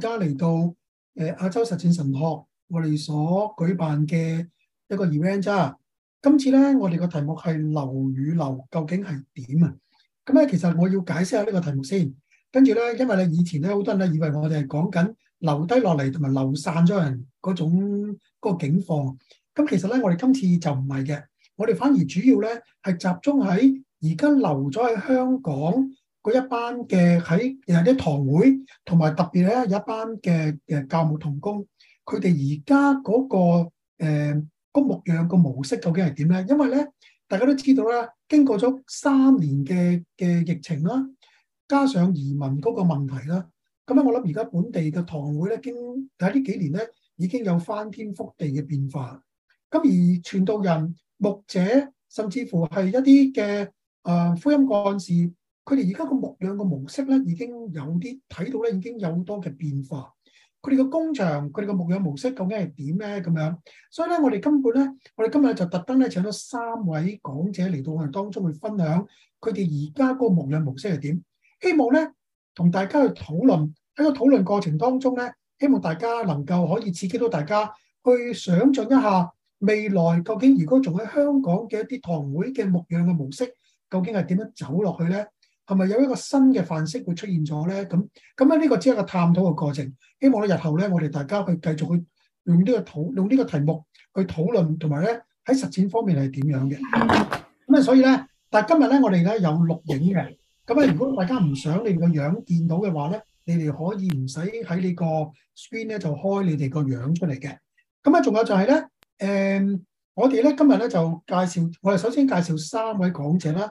而家嚟到誒亞洲實踐神學，我哋所舉辦嘅一個 event 啦。今次呢，我哋個題目係留與流究竟係點啊？咁咧，其實我要解釋下呢個題目先。跟住呢，因為咧以前咧好多人都以為我哋係講緊留低落嚟同埋流散咗人嗰種、嗰個境況。咁其實呢，我哋今次就唔係嘅，我哋反而主要呢，係集中喺而家留咗喺香港。嗰一班嘅喺誒啲堂會，同埋特別咧有一班嘅誒教牧同工，佢哋而家嗰個誒個牧養嘅模式究竟係點咧？因為咧大家都知道啦，經過咗三年嘅嘅疫情啦，加上移民嗰個問題啦，咁咧我諗而家本地嘅堂會咧，經喺呢幾年咧已經有翻天覆地嘅變化。咁而傳道人、牧者，甚至乎係一啲嘅誒福音幹事。佢哋而家個牧養嘅模式咧，已經有啲睇到咧，已經有多嘅變化。佢哋個工場，佢哋個牧養模式究竟係點咧？咁樣，所以咧，我哋今日咧，我哋今日就特登咧，請咗三位講者嚟到我哋當中去分享，佢哋而家嗰個牧養模式係點？希望咧，同大家去討論。喺個討論過程當中咧，希望大家能夠可以刺激到大家去想像一下未來究竟如果仲喺香港嘅一啲堂會嘅牧養嘅模式，究竟係點樣走落去咧？係咪有一個新嘅範式會出現咗咧？咁，咁喺呢個只係一個探討嘅過程，希望咧，日後咧我哋大家去繼續去用呢個討用呢個題目去討論，同埋咧喺實踐方面係點樣嘅？咁啊，所以咧，但係今日咧，我哋咧有錄影嘅。咁啊，如果大家唔想你個樣見到嘅話咧，你哋可以唔使喺呢個 screen 咧就開你哋個樣出嚟嘅。咁啊，仲有就係咧，誒、嗯，我哋咧今日咧就介紹，我哋首先介紹三位講者啦。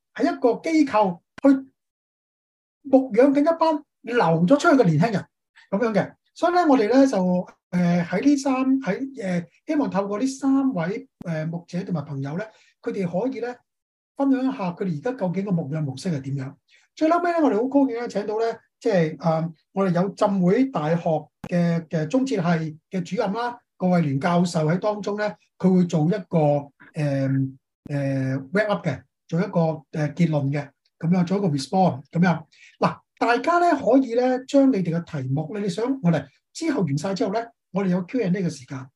一個機構去牧養緊一班流咗出去嘅年輕人咁樣嘅，所以咧我哋咧就誒喺呢三喺誒希望透過呢三位誒牧者同埋朋友咧，佢哋可以咧分享一下佢哋而家究竟個牧養模式係點樣。最後尾咧，我哋好高興咧，請到咧即係誒、呃、我哋有浸會大學嘅嘅宗哲系嘅主任啦，郭偉聯教授喺當中咧，佢會做一個誒誒 wrap up 嘅。呃呃做一個誒結論嘅，咁樣做一個 response 咁樣。嗱，大家咧可以咧將你哋嘅題目咧，你想我哋之後完晒之後咧，我哋有 Q&A 嘅時間。誒、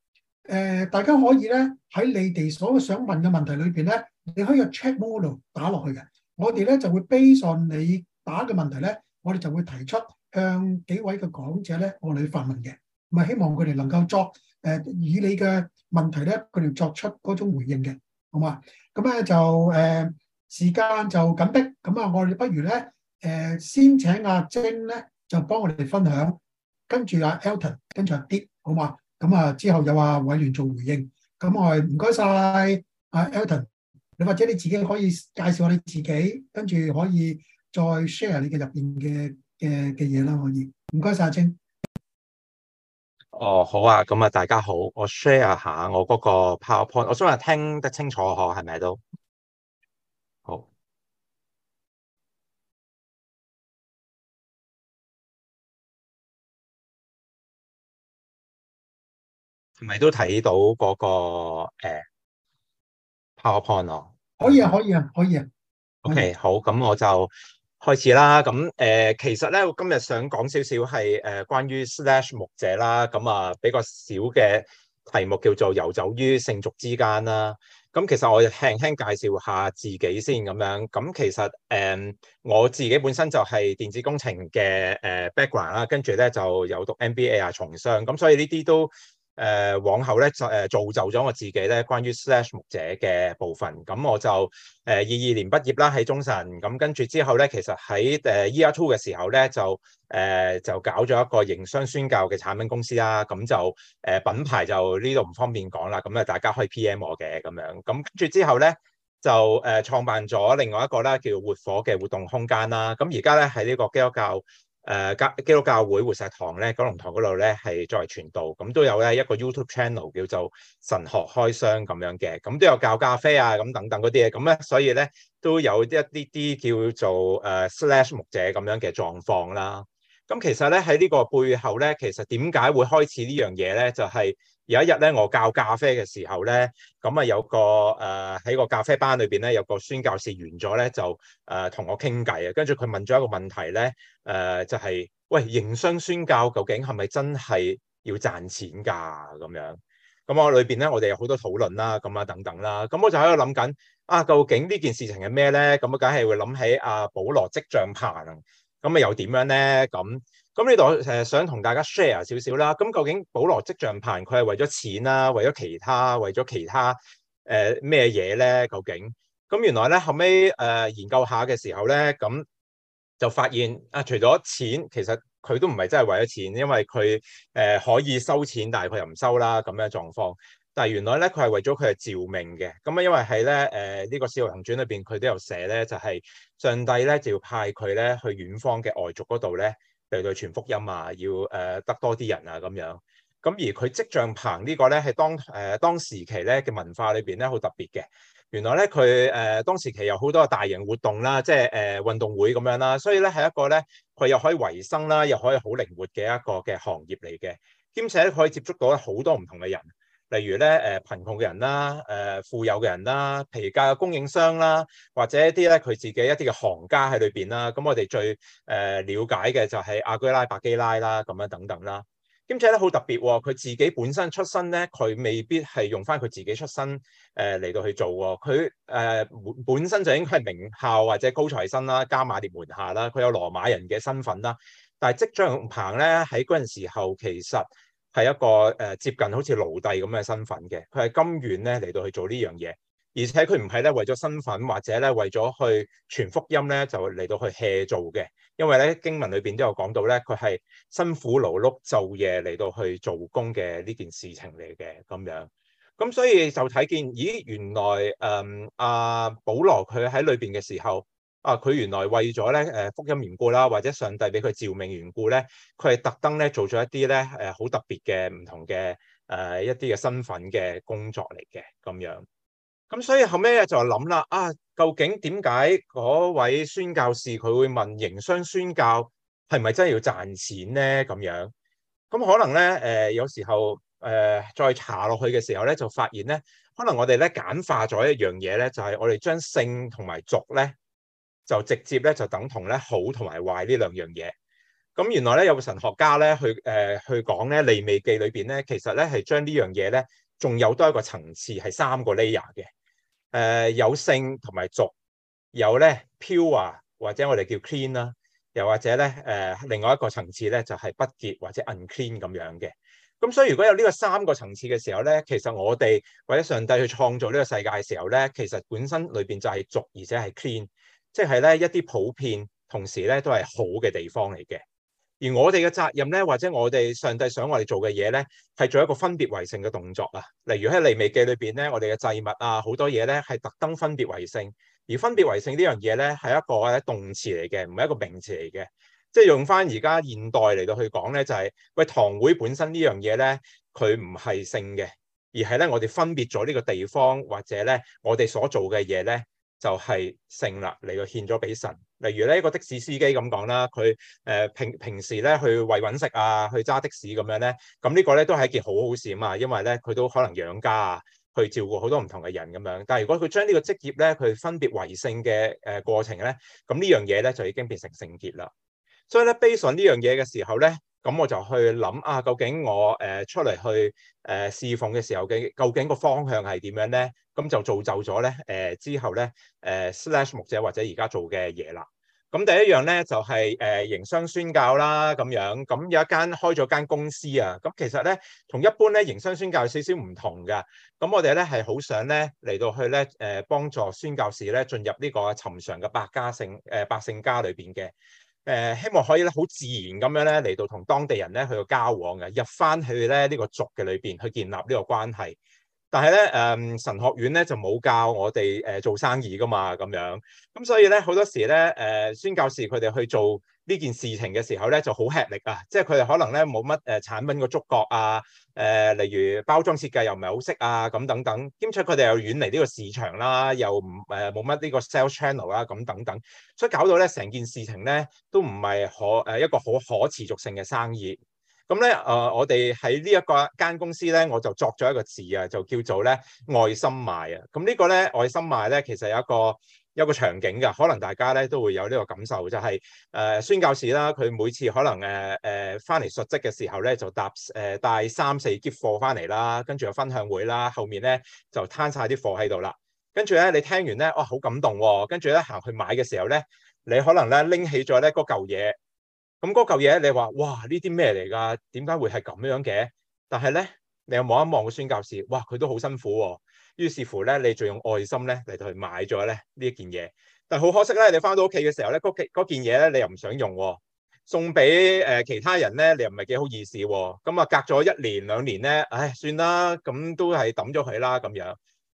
呃，大家可以咧喺你哋所想問嘅問題裏邊咧，你可以 check model 打落去嘅。我哋咧就會 base on 你打嘅問題咧，我哋就會提出向幾位嘅講者咧，我哋去發問嘅。咪希望佢哋能夠作誒、呃、以你嘅問題咧，佢哋作出嗰種回應嘅，好嘛？咁咧就誒。呃時間就緊迫，咁啊，我哋不如咧，誒、呃、先請阿晶咧就幫我哋分享，跟住阿、啊、Elton，跟住阿、啊、Deep，好嘛？咁、嗯、啊，之後有阿、啊、偉聯做回應，咁我唔該晒阿 Elton，你或者你自己可以介紹下你自己，跟住可以再 share 你嘅入邊嘅嘅嘅嘢啦，可以唔該晒阿晶。哦，好啊，咁、嗯、啊，大家好，我 share 下我嗰個 powerpoint，我想話聽得清楚，嗬，係咪都？係咪都睇到嗰、那個誒 PowerPoint 咯？呃、Power 可以啊，可以啊，可以啊。OK，啊好，咁我就開始啦。咁誒、呃，其實咧，我今日想講少少係誒關於 Slash 牧者啦。咁、嗯、啊，比較少嘅題目叫做游走於聖俗之間啦。咁、嗯、其實我就輕輕介紹下自己先咁樣。咁、嗯、其實誒、呃，我自己本身就係電子工程嘅誒 background 啦，跟住咧就有讀 MBA 啊，重商。咁所以呢啲都。誒、呃，往後咧就誒造就咗我自己咧，關於 Slash 牧者嘅部分。咁我就誒、呃、二二年畢業啦，喺中神。咁跟住之後咧，其實喺誒 Year Two 嘅時候咧，就誒、呃、就搞咗一個營商宣教嘅產品公司啦。咁就誒、呃、品牌就呢度唔方便講啦。咁啊大家可以 PM 我嘅咁樣。咁跟住之後咧就誒創、呃、辦咗另外一個咧叫活火嘅活動空間啦。咁而家咧喺呢個基督教。誒教、呃、基督教會活石堂咧，九龍堂嗰度咧係作為傳道。咁都有咧一個 YouTube channel 叫做神學開箱咁樣嘅，咁都有教咖啡啊，咁等等嗰啲嘢，咁咧所以咧都有一啲啲叫做誒、呃、Slash 牧者咁樣嘅狀況啦。咁其實咧喺呢個背後咧，其實點解會開始呢樣嘢咧，就係、是。有一日咧，我教咖啡嘅時候咧，咁、嗯、啊有個誒喺、呃、個咖啡班裏邊咧，有個宣教士完咗咧就誒同我傾偈啊。跟住佢問咗一個問題咧，誒、呃、就係、是、喂營商宣教究竟係咪真係要賺錢㗎咁樣？咁、嗯、我裏邊咧我哋有好多討論啦，咁啊等等啦。咁、嗯、我就喺度諗緊啊，究竟呢件事情係咩咧？咁、嗯、啊，梗係會諗起阿保羅織帳棚。咁啊又點樣咧？咁咁呢度誒想同大家 share 少少啦。咁究竟保羅織帳棚佢係為咗錢啦、啊，為咗其他，為咗其他誒咩嘢咧？究竟咁原來咧後尾誒、呃、研究下嘅時候咧，咁就發現啊，除咗錢，其實佢都唔係真係為咗錢，因為佢誒、呃、可以收錢，但係佢又唔收啦咁樣狀況。但係原來咧，佢係為咗佢係召命嘅咁啊，因為係咧誒呢個《使徒行傳》裏邊佢都有寫咧、就是，就係上帝咧就要派佢咧去遠方嘅外族嗰度咧嚟嚟傳福音啊，要誒、呃、得多啲人啊咁樣。咁而佢即將棚個呢個咧係當誒、呃、當時期咧嘅文化裏邊咧好特別嘅。原來咧佢誒當時期有好多大型活動啦，即係誒運動會咁樣啦，所以咧係一個咧佢又可以維生啦，又可以好靈活嘅一個嘅行業嚟嘅，兼且咧可以接觸到好多唔同嘅人。例如咧，誒貧窮嘅人啦，誒富有嘅人啦，皮革嘅供應商啦，或者一啲咧佢自己一啲嘅行家喺裏邊啦。咁我哋最誒瞭解嘅就係阿居拉、百基拉啦，咁樣等等啦。兼且咧好特別，佢自己本身出身咧，佢未必係用翻佢自己出身誒嚟到去做喎。佢誒本身就應該係名校或者高材生啦，加馬列門下啦，佢有羅馬人嘅身份啦。但係織帳棚咧喺嗰陣時候其實。係一個誒接近好似奴隸咁嘅身份嘅，佢係甘願咧嚟到去做呢樣嘢，而且佢唔係咧為咗身份或者咧為咗去傳福音咧就嚟到去卸做嘅，因為咧經文裏邊都有講到咧，佢係辛苦勞碌晝夜嚟到去做工嘅呢件事情嚟嘅咁樣，咁所以就睇見咦原來誒阿、嗯啊、保羅佢喺裏邊嘅時候。啊！佢原來為咗咧，誒、呃、福音緣故啦，或者上帝俾佢召命緣故咧，佢係特登咧做咗一啲咧，誒、呃、好特別嘅唔同嘅誒、呃、一啲嘅身份嘅工作嚟嘅咁樣。咁所以後尾咧就諗啦，啊，究竟點解嗰位宣教士佢會問營商宣教係咪真係要賺錢咧？咁樣咁可能咧，誒、呃、有時候誒、呃、再查落去嘅時候咧，就發現咧，可能我哋咧簡化咗一樣嘢咧，就係、是、我哋將聖同埋族咧。就直接咧就等同咧好同埋壞呢兩樣嘢。咁原來咧有個神學家咧去誒、呃、去講咧利未記裏邊咧，其實咧係將呢樣嘢咧仲有多一個層次係三個 layer 嘅。誒有聖同埋俗，有咧 pure 或者我哋叫 clean 啦，又或者咧誒、呃、另外一個層次咧就係不潔或者 unclean 咁樣嘅。咁、嗯、所以如果有呢個三個層次嘅時候咧，其實我哋或者上帝去創造呢個世界嘅時候咧，其實本身裏邊就係俗而且係 clean。即係咧一啲普遍，同時咧都係好嘅地方嚟嘅。而我哋嘅責任咧，或者我哋上帝想我哋做嘅嘢咧，係做一個分別為聖嘅動作啊。例如喺利未記裏邊咧，我哋嘅祭物啊，好多嘢咧係特登分別為聖。而分別為聖呢樣嘢咧，係一個咧動詞嚟嘅，唔係一個名詞嚟嘅。即係用翻而家現代嚟到去講咧，就係、係、喂堂會本身呢樣嘢咧，佢唔係聖嘅，而係咧我哋分別咗呢個地方或者咧我哋所做嘅嘢咧。就係聖啦，嚟到獻咗俾神。例如呢個的士司機咁講啦，佢誒平平時咧去為揾食啊，去揸的士咁樣咧，咁呢個咧都係一件好好事啊嘛。因為咧佢都可能養家啊，去照顧好多唔同嘅人咁樣。但係如果佢將呢個職業咧，佢分別為聖嘅誒過程咧，咁呢樣嘢咧就已經變成聖潔啦。所以咧，base on 呢樣嘢嘅時候咧。咁我就去諗啊，究竟我誒、呃、出嚟去誒侍、呃、奉嘅時候嘅，究竟個方向係點樣咧？咁就造就咗咧誒之後咧誒、呃、Slash 牧者或者而家做嘅嘢啦。咁、嗯、第一樣咧就係、係、誒、呃、營商宣教啦，咁樣咁有一間開咗間公司啊。咁其實咧同一般咧營商宣教有少少唔同嘅。咁我哋咧係好想咧嚟到去咧誒、呃、幫助宣教士咧進入呢個尋常嘅百家姓誒百姓家裏邊嘅。誒希望可以咧好自然咁樣咧嚟到同當地人咧去個交往嘅，入翻去咧呢個族嘅裏邊去建立呢個關係。但係咧誒神學院咧就冇教我哋誒做生意噶嘛咁樣，咁所以咧好多時咧誒、呃、宣教士佢哋去做呢件事情嘅時候咧，就好吃力啊！即係佢哋可能咧冇乜誒產品嘅觸覺啊，誒、呃、例如包裝設計又唔係好識啊，咁等等。兼且佢哋又遠離呢個市場啦，又唔誒冇乜呢個 sales channel 啦、啊，咁等等。所以搞到咧成件事情咧都唔係可誒、呃、一個好可持續性嘅生意。咁咧誒，我哋喺呢一個間公司咧，我就作咗一個字啊，就叫做咧愛心賣啊。咁、嗯、呢個咧愛心賣咧，其實有一個。有個場景㗎，可能大家咧都會有呢個感受，就係、是、誒、呃、宣教士啦，佢每次可能誒誒翻嚟述職嘅時候咧，就搭誒帶三四篋貨翻嚟啦，跟、呃、住有分享會啦，後面咧就攤晒啲貨喺度啦，跟住咧你聽完咧，哇、哦、好感動喎、哦，跟住咧行去買嘅時候咧，你可能咧拎起咗咧嗰嚿嘢，咁嗰嚿嘢你話哇呢啲咩嚟㗎？點解會係咁樣嘅？但係咧，你又望一望個宣教士，哇佢都好辛苦喎、哦。於是乎咧，你就用愛心咧嚟到去買咗咧呢一件嘢，但係好可惜咧，你翻到屋企嘅時候咧，嗰件件嘢咧，你又唔想用、啊，送俾誒、呃、其他人咧，你又唔係幾好意思喎。咁啊，嗯、隔咗一年兩年咧，唉、哎，算啦，咁、嗯、都係抌咗佢啦，咁樣。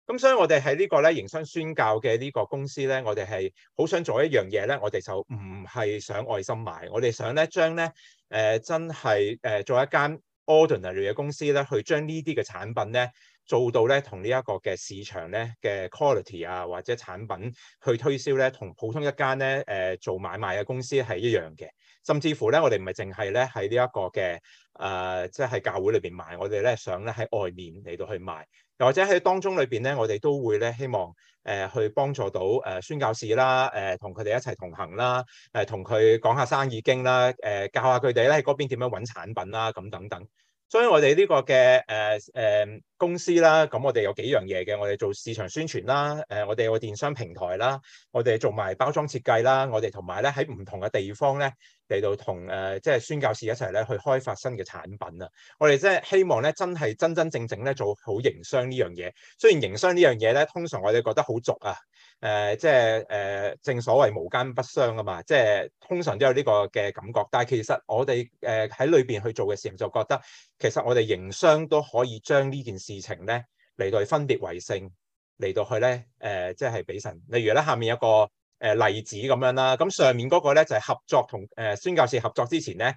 咁、嗯、所以我哋喺呢個咧營商宣教嘅呢個公司咧，我哋係好想做一樣嘢咧，我哋就唔係想愛心買，我哋想咧將咧誒真係誒、呃、做一間 ordinary 嘅公司咧，去將呢啲嘅產品咧。做到咧，同呢一個嘅市場咧嘅 quality 啊，或者產品去推銷咧，同普通一間咧誒做買賣嘅公司係一樣嘅。甚至乎咧，我哋唔係淨係咧喺呢一個嘅誒，即、呃、係、喺、教會裏邊賣，我哋咧想咧喺外面嚟到去賣，又或者喺當中裏邊咧，我哋都會咧希望誒、呃、去幫助到誒宣教士啦，誒同佢哋一齊同行啦，誒同佢講下生意經啦，誒、呃、教下佢哋咧喺嗰邊點樣揾產品啦，咁等等。所以我哋呢個嘅誒誒。呃呃呃呃呃公司啦，咁我哋有幾樣嘢嘅，我哋做市場宣傳啦，誒、呃，我哋有個電商平台啦，我哋做埋包裝設計啦，我哋同埋咧喺唔同嘅地方咧嚟到同誒即係宣教士一齊咧去開發新嘅產品啊！我哋即係希望咧真係真真正正咧做好營商呢樣嘢。雖然營商呢樣嘢咧，通常我哋覺得好俗啊，誒、呃、即係誒、呃、正所謂無奸不商啊嘛，即係通常都有呢個嘅感覺，但係其實我哋誒喺裏邊去做嘅時候就覺得，其實我哋營商都可以將呢件事。事情咧嚟到去分別為聖，嚟到去咧誒、呃，即係俾神。例如咧，下面有個誒例子咁樣啦。咁上面嗰個咧就係、是、合作同誒宣教士合作之前咧，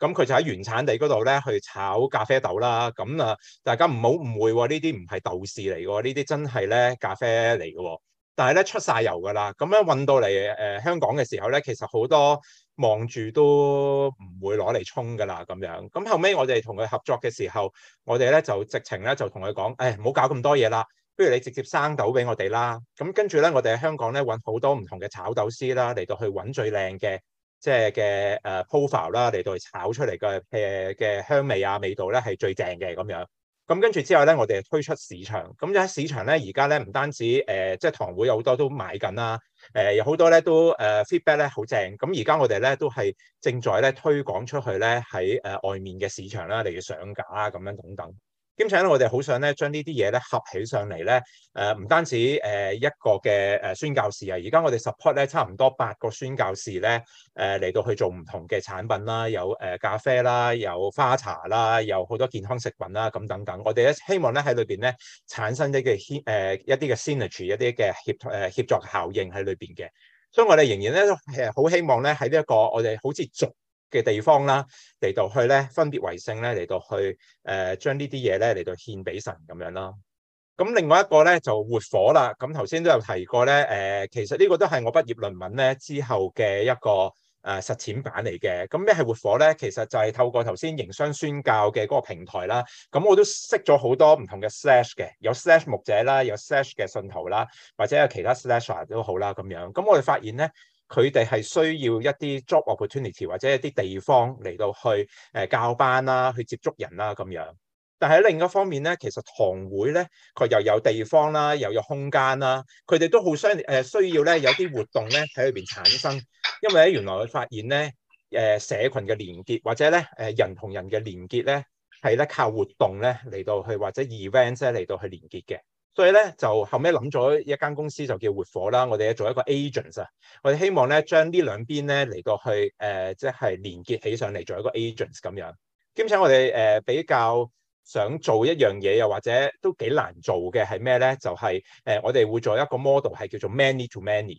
咁、嗯、佢就喺原產地嗰度咧去炒咖啡豆啦。咁、嗯、啊，大家唔好誤會喎、哦，呢啲唔係豆豉嚟嘅喎，呢啲真係咧咖啡嚟嘅、哦。但係咧出晒油㗎啦，咁樣運到嚟誒、呃、香港嘅時候咧，其實好多。望住都唔會攞嚟沖噶啦，咁樣。咁後尾我哋同佢合作嘅時候，我哋咧就直情咧就同佢講，誒唔好搞咁多嘢啦，不如你直接生豆俾我哋啦。咁跟住咧，我哋喺香港咧揾好多唔同嘅炒豆絲啦，嚟到去揾最靚嘅即係嘅誒 profile 啦，嚟到去炒出嚟嘅誒嘅香味啊味道咧係最正嘅咁樣。咁跟住之後咧，我哋推出市場。咁就喺市場咧，而家咧唔單止誒、呃，即係堂會有好多都買緊啦。誒、呃，有好多咧都誒、呃、feedback 咧好正。咁而家我哋咧都係正在咧推廣出去咧喺誒外面嘅市場啦，例如上架啊，咁樣等等。兼且咧，我哋好想咧，將呢啲嘢咧合起上嚟咧，誒唔單止誒一個嘅誒宣教士啊，而家我哋 support 咧差唔多八個宣教士咧，誒嚟到去做唔同嘅產品啦，有誒咖啡啦，有花茶啦，有好多健康食品啦，咁等等。我哋咧希望咧喺裏邊咧產生一嘅牽誒一啲嘅 synergy，一啲嘅協誒協作效應喺裏邊嘅。所以我哋仍然咧係好希望咧喺呢一個我哋好似做嘅地方啦，嚟到去咧，分別為聖咧，嚟到去誒、呃，將呢啲嘢咧嚟到獻俾神咁樣啦。咁另外一個咧就活火啦。咁頭先都有提過咧，誒、呃，其實呢個都係我畢業論文咧之後嘅一個誒、呃、實踐版嚟嘅。咁咩係活火咧？其實就係透過頭先營商宣教嘅嗰個平台啦。咁我都識咗好多唔同嘅 slash 嘅，有 slash 牧者啦，有 slash 嘅信徒啦，或者有其他 slash 都好啦咁樣。咁我哋發現咧，佢哋係需要一啲 job opportunity 或者一啲地方嚟到去誒教班啦，去接觸人啦咁樣。但係喺另一方面咧，其實堂會咧佢又有地方啦，又有空間啦，佢哋都好需誒需要咧有啲活動咧喺裏邊產生，因為咧原來佢發現咧誒社群嘅連結或者咧誒人同人嘅連結咧係咧靠活動咧嚟到去或者 event 咧嚟到去連結嘅。所以咧就後尾諗咗一間公司就叫活火啦，我哋做一個 agents 啊，我哋希望咧將呢兩邊咧嚟到去誒、呃，即係連結起上嚟做一個 agents 咁樣。兼且我哋誒、呃、比較想做一樣嘢，又或者都幾難做嘅係咩咧？就係、是、誒、呃，我哋會做一個 model 係叫做 many to many。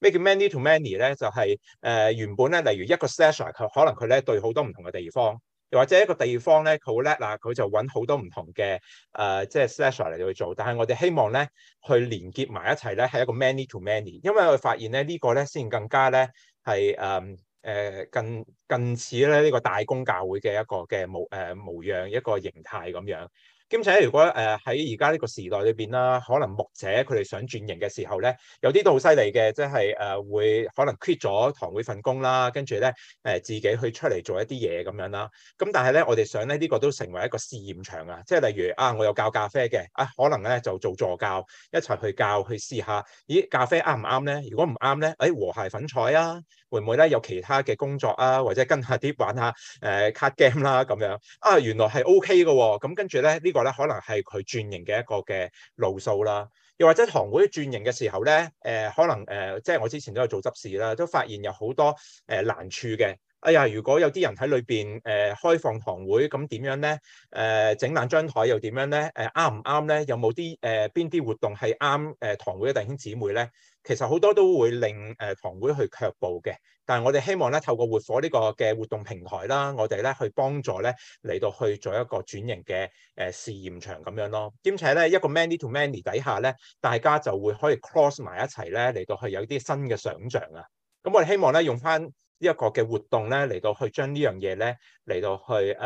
咩叫 many to many 咧？就係、是、誒、呃、原本咧，例如一個 session 佢可能佢咧對好多唔同嘅地方。又或者一個地方咧，佢好叻嗱，佢就揾好多唔同嘅誒、呃，即係 slasher 嚟去做。但係我哋希望咧，去連結埋一齊咧，係一個 many to many，因為我哋發現咧呢、這個咧先更加咧係誒誒更近似咧呢、這個大公教會嘅一個嘅模誒、呃、模樣一個形態咁樣。兼且如果誒喺而家呢個時代裏邊啦，可能牧者佢哋想轉型嘅時候咧，有啲都好犀利嘅，即係誒會可能 quit 咗堂會份工啦，跟住咧誒自己去出嚟做一啲嘢咁樣啦。咁但係咧，我哋想咧呢個都成為一個試驗場啊！即係例如啊，我有教咖啡嘅啊，可能咧就做助教一齊去教去試下，咦咖啡啱唔啱咧？如果唔啱咧，誒和諧粉彩啊！會唔會咧有其他嘅工作啊，或者跟下啲玩下誒卡 game 啦咁樣啊？原來係 OK 嘅喎、哦，咁、嗯、跟住咧呢、這個咧可能係佢轉型嘅一個嘅路數啦，又或者堂會轉型嘅時候咧誒、呃，可能誒、呃、即係我之前都有做執事啦，都發現有好多誒、呃、難處嘅。哎呀，如果有啲人喺裏邊誒開放堂會，咁點樣咧？誒、呃、整爛張台又點樣咧？誒啱唔啱咧？有冇啲誒邊啲活動係啱誒堂會嘅弟兄姊妹咧？其實好多都會令誒堂會去卻步嘅，但係我哋希望咧透過活火呢個嘅活動平台啦，我哋咧去幫助咧嚟到去做一個轉型嘅誒、呃、試驗場咁樣咯。兼且咧一個 many to many 底下咧，大家就會可以 cross 埋一齊咧嚟到去有啲新嘅想像啊！咁我哋希望咧用翻。呢一個嘅活動咧，嚟到去將呢樣嘢咧，嚟到去誒，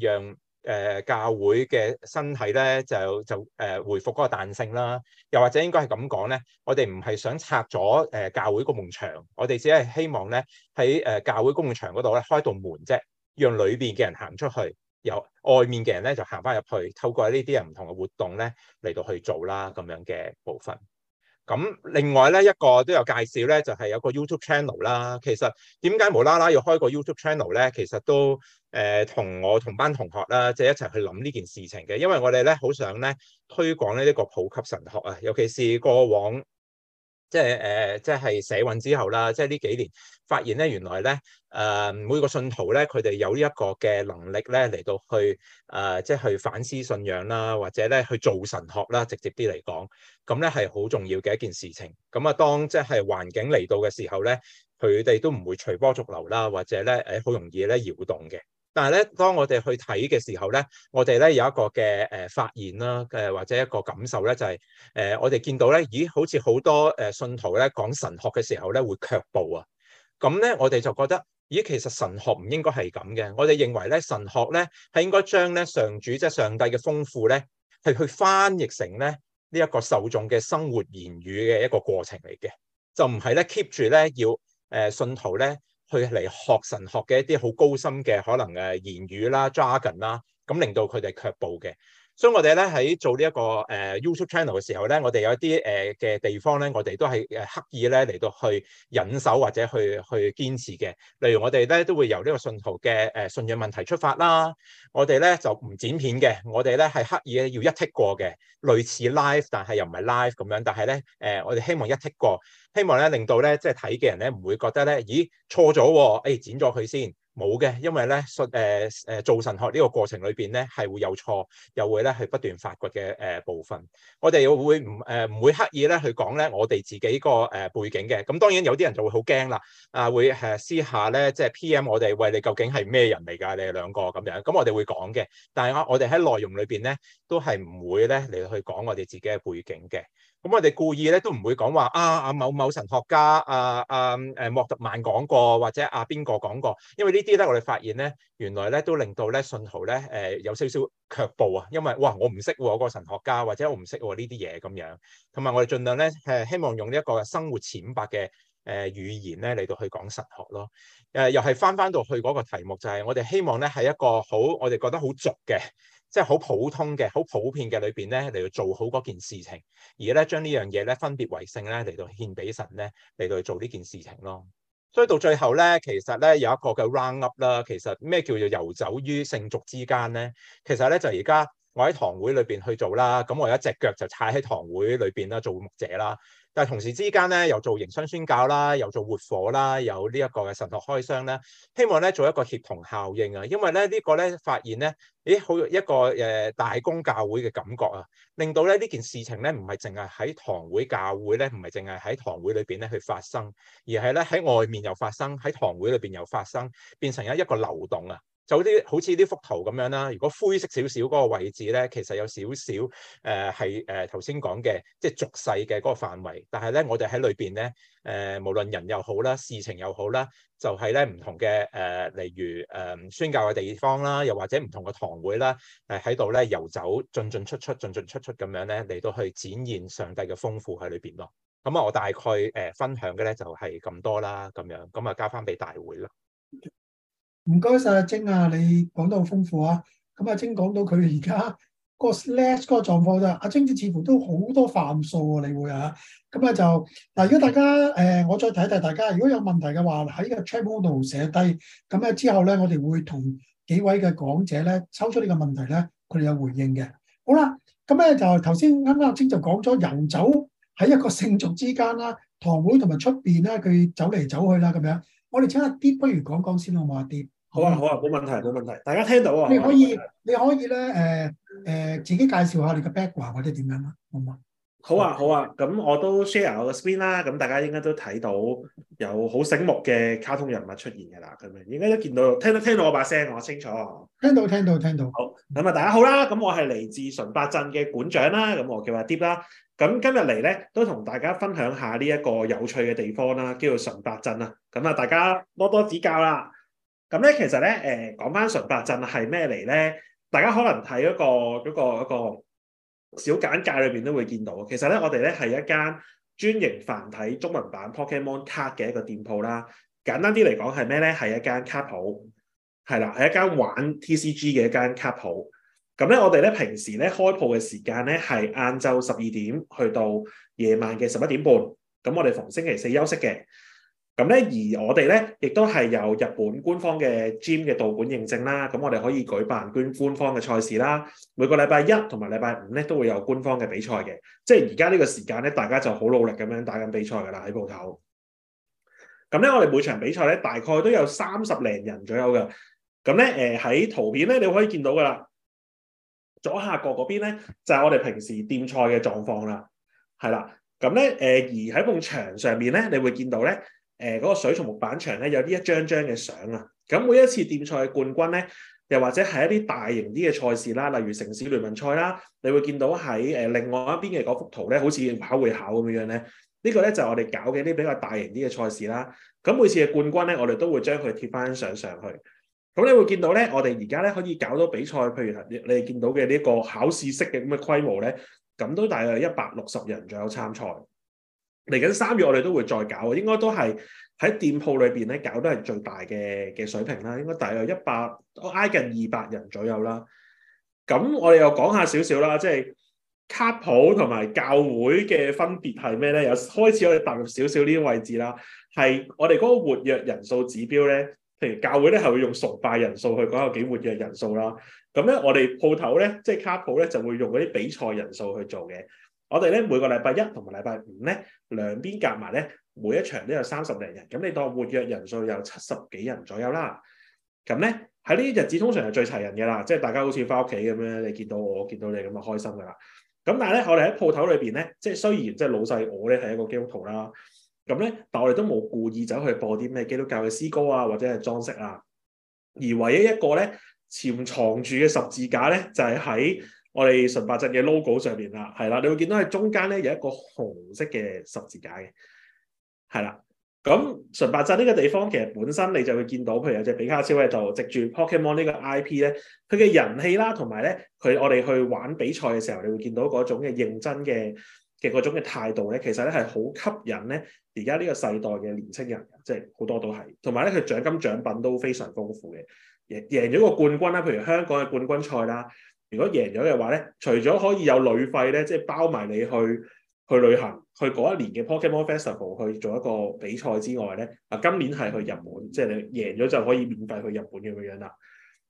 讓、呃、誒、呃、教會嘅身體咧，就就誒、呃、回復嗰個彈性啦。又或者應該係咁講咧，我哋唔係想拆咗誒教會個門牆，我哋只係希望咧喺誒教會公共場嗰度咧開一道門啫，讓裏邊嘅人行出去，由外面嘅人咧就行翻入去，透過呢啲唔同嘅活動咧嚟到去做啦咁樣嘅部分。咁另外咧一個都有介紹咧，就係有個 YouTube channel 啦。其實點解無啦啦要開個 YouTube channel 咧？其實都誒同、呃、我同班同學啦，即、就、係、是、一齊去諗呢件事情嘅。因為我哋咧好想咧推廣呢一個普及神學啊，尤其是過往。即係誒，即係社運之後啦。即係呢幾年發現咧，原來咧誒、呃、每個信徒咧，佢哋有呢一個嘅能力咧，嚟到去誒、呃，即係反思信仰啦，或者咧去做神學啦，直接啲嚟講，咁咧係好重要嘅一件事情。咁啊，當即係環境嚟到嘅時候咧，佢哋都唔會隨波逐流啦，或者咧誒好容易咧搖動嘅。但係咧，當我哋去睇嘅時候咧，我哋咧有一個嘅誒發現啦，誒、呃、或者一個感受咧，就係、是、誒、呃、我哋見到咧，咦，好似好多誒信徒咧講神學嘅時候咧會卻步啊！咁咧，我哋就覺得咦，其實神學唔應該係咁嘅。我哋認為咧，神學咧係應該將咧上主即係上帝嘅豐富咧係去翻譯成咧呢一、這個受眾嘅生活言語嘅一個過程嚟嘅，就唔係咧 keep 住咧要誒、呃、信徒咧。佢嚟學神學嘅一啲好高深嘅可能誒言語啦、jargon 啦，咁令到佢哋卻步嘅。所以我哋咧喺做呢一個誒 YouTube channel 嘅時候咧，我哋有啲誒嘅地方咧，我哋都係誒刻意咧嚟到去忍手或者去去堅持嘅。例如我哋咧都會由呢個信號嘅誒信仰問題出發啦。我哋咧就唔剪片嘅，我哋咧係刻意咧要一剔過嘅，類似 live，但係又唔係 live 咁樣。但係咧誒，我哋希望一剔過，希望咧令到咧即係睇嘅人咧唔會覺得咧，咦錯咗喎，誒、哦、剪咗佢先。冇嘅，因為咧，誒誒做神學呢個過程裏邊咧，係會有錯，又會咧係不斷發掘嘅誒部分。我哋又會唔誒唔會刻意咧去講咧我哋自己個誒背景嘅。咁當然有啲人就會好驚啦，啊會誒私下咧即係 PM 我哋，喂，你究竟係咩人嚟㗎？你哋兩個咁樣，咁我哋會講嘅。但係我我我哋喺內容裏邊咧都係唔會咧嚟去講我哋自己嘅背景嘅。咁我哋故意咧都唔會講話啊，阿某某神學家、阿阿誒莫特曼講過，或者阿、啊、邊個講過，因為呢啲咧我哋發現咧，原來咧都令到咧信徒咧誒有少少卻步啊，因為哇我唔識喎個神學家，或者我唔識喎呢啲嘢咁樣，同埋我哋盡量咧誒希望用呢一個生活淺白嘅誒語言咧嚟到去講神學咯，誒、呃、又係翻翻到去嗰個題目就係、是、我哋希望咧係一個好我哋覺得好俗嘅。即係好普通嘅、好普遍嘅裏邊咧，嚟到做好嗰件事情，而咧將呢樣嘢咧分別為聖咧嚟到獻俾神咧嚟到去做呢件事情咯。所以到最後咧，其實咧有一個嘅 round up 啦。其實咩叫做遊走於聖俗之間咧？其實咧就而家。我喺堂會裏邊去做啦，咁我有一隻腳就踩喺堂會裏邊啦，做牧者啦。但係同時之間咧，又做營商宣教啦，又做活火啦，有呢一個嘅神學開箱啦，希望咧做一個協同效應啊，因為咧呢、這個咧發現咧，咦好一個誒大公教會嘅感覺啊，令到咧呢件事情咧唔係淨係喺堂會教會咧，唔係淨係喺堂會裏邊咧去發生，而係咧喺外面又發生，喺堂會裏邊又發生，變成咗一個流動啊！就好啲，好似呢幅圖咁樣啦。如果灰色少少嗰個位置咧，其實有少少誒，係誒頭先講嘅，即係俗世嘅嗰個範圍。但係咧，我哋喺裏邊咧，誒、呃、無論人又好啦，事情又好啦，就係咧唔同嘅誒、呃，例如誒、呃、宣教嘅地方啦，又或者唔同嘅堂會啦，誒喺度咧遊走，進進出出，進進出出咁樣咧，嚟到去展現上帝嘅豐富喺裏邊咯。咁、嗯、啊，我大概誒、呃、分享嘅咧就係咁多啦，咁樣咁啊，就交返俾大會啦。唔該晒阿晶啊，你講得好豐富啊。咁阿晶講到佢而家個 slash 嗰個狀況咋阿晶，似乎都好多犯數啊。你會啊，咁啊就嗱，如果大家誒、呃，我再提一提大家，如果有問題嘅話，喺個 chatboard 度，寫低，咁咧之後咧，我哋會同幾位嘅講者咧，抽出呢個問題咧，佢哋有回應嘅。好啦，咁咧就頭先啱啱阿晶就講咗游走喺一個聖俗之間啦，堂會同埋出邊啦，佢走嚟走去啦，咁樣。我哋請阿 Deep，不如講講先好唔好，阿 Deep 好啊，好嗎？好啊，冇問題，冇問題。大家聽到啊？你可以，你可以咧，誒、呃、誒、呃，自己介紹下你嘅 background、er、或者點樣啊，好唔好？好啊，好啊，咁我都 share 我個 screen 啦，咁大家應該都睇到有好醒目嘅卡通人物出現嘅啦，咁樣應該都見到，聽到聽到我把聲，我清楚，聽到聽到聽到。聽到聽到好，咁啊大家好啦，咁我係嚟自純白鎮嘅館長啦，咁我叫阿 Deep 啦，咁今日嚟咧都同大家分享下呢一個有趣嘅地方啦，叫做純白鎮啊，咁啊大家多多指教啦。咁咧其實咧，誒講翻純白鎮係咩嚟咧？大家可能睇嗰個嗰個嗰個。一個一個小簡介裏邊都會見到，其實咧我哋咧係一間專營繁體中文版 Pokemon 卡嘅一個店鋪啦。簡單啲嚟講係咩咧？係一間卡鋪，係啦，係一間玩 TCG 嘅一間卡鋪。咁咧我哋咧平時咧開鋪嘅時間咧係晏晝十二點去到夜晚嘅十一點半。咁我哋逢星期四休息嘅。咁咧，而我哋咧，亦都係由日本官方嘅 Gym 嘅道館認證啦。咁我哋可以舉辦捐官方嘅賽事啦。每個禮拜一同埋禮拜五咧，都會有官方嘅比賽嘅。即係而家呢個時間咧，大家就好努力咁樣打緊比賽噶啦喺鋪頭。咁咧，我哋每場比賽咧，大概都有三十零人左右噶。咁咧，誒喺圖片咧，你可以見到噶啦，左下角嗰邊咧，就係我哋平時掂賽嘅狀況啦。係啦，咁咧，誒而喺埲牆上面咧，你會見到咧。誒嗰、呃那個水松木板牆咧，有呢一張張嘅相啊，咁每一次電賽嘅冠軍咧，又或者係一啲大型啲嘅賽事啦，例如城市聯盟賽啦，你會見到喺誒另外一邊嘅嗰幅圖咧，好似跑會考咁樣咧，這個、呢個咧就係、我哋搞嘅啲比較大型啲嘅賽事啦。咁每次嘅冠軍咧，我哋都會將佢貼翻上上去。咁你會見到咧，我哋而家咧可以搞到比賽，譬如你哋見到嘅呢個考試式嘅咁嘅規模咧，咁都大約一百六十人左右參賽。嚟緊三月，我哋都會再搞，應該都係喺店鋪裏邊咧搞，得係最大嘅嘅水平啦。應該大概一百，我挨近二百人左右啦。咁我哋又講下少少啦，即係卡普同埋教會嘅分別係咩咧？有開始我哋踏入少少呢啲位置啦。係我哋嗰個活躍人數指標咧，譬如教會咧係會用崇拜人數去講個幾活躍人數啦。咁咧我哋鋪頭咧，即係卡普咧就會用嗰啲比賽人數去做嘅。我哋咧每個禮拜一同埋禮拜五咧兩邊夾埋咧，每一場都有三十零人，咁你當活躍人數有七十幾人左右啦。咁咧喺呢啲日子通常係最齊人嘅啦，即係大家好似翻屋企咁樣，你見到我見到你咁就開心噶啦。咁但係咧，我哋喺鋪頭裏邊咧，即係雖然即係老細我咧係一個基督徒啦，咁咧，但我哋都冇故意走去播啲咩基督教嘅詩歌啊，或者係裝飾啊。而唯一一個咧潛藏住嘅十字架咧，就係喺我哋純白鎮嘅 logo 上邊啦，係啦，你會見到喺中間咧有一個紅色嘅十字架嘅，係啦。咁純白鎮呢個地方其實本身你就會見到，譬如有隻比卡超喺度，藉住 Pokemon、ok、呢個 IP 咧，佢嘅人氣啦、啊，同埋咧佢我哋去玩比賽嘅時候，你會見到嗰種嘅認真嘅嘅嗰種嘅態度咧，其實咧係好吸引咧。而家呢個世代嘅年青人，即係好多都係，同埋咧佢獎金獎品都非常豐富嘅，贏贏咗個冠軍啦，譬如香港嘅冠軍賽啦。如果贏咗嘅話咧，除咗可以有旅費咧，即係包埋你去去旅行，去嗰一年嘅 Pokemon Festival 去做一個比賽之外咧，啊今年係去日本，即係你贏咗就可以免費去日本咁樣樣啦。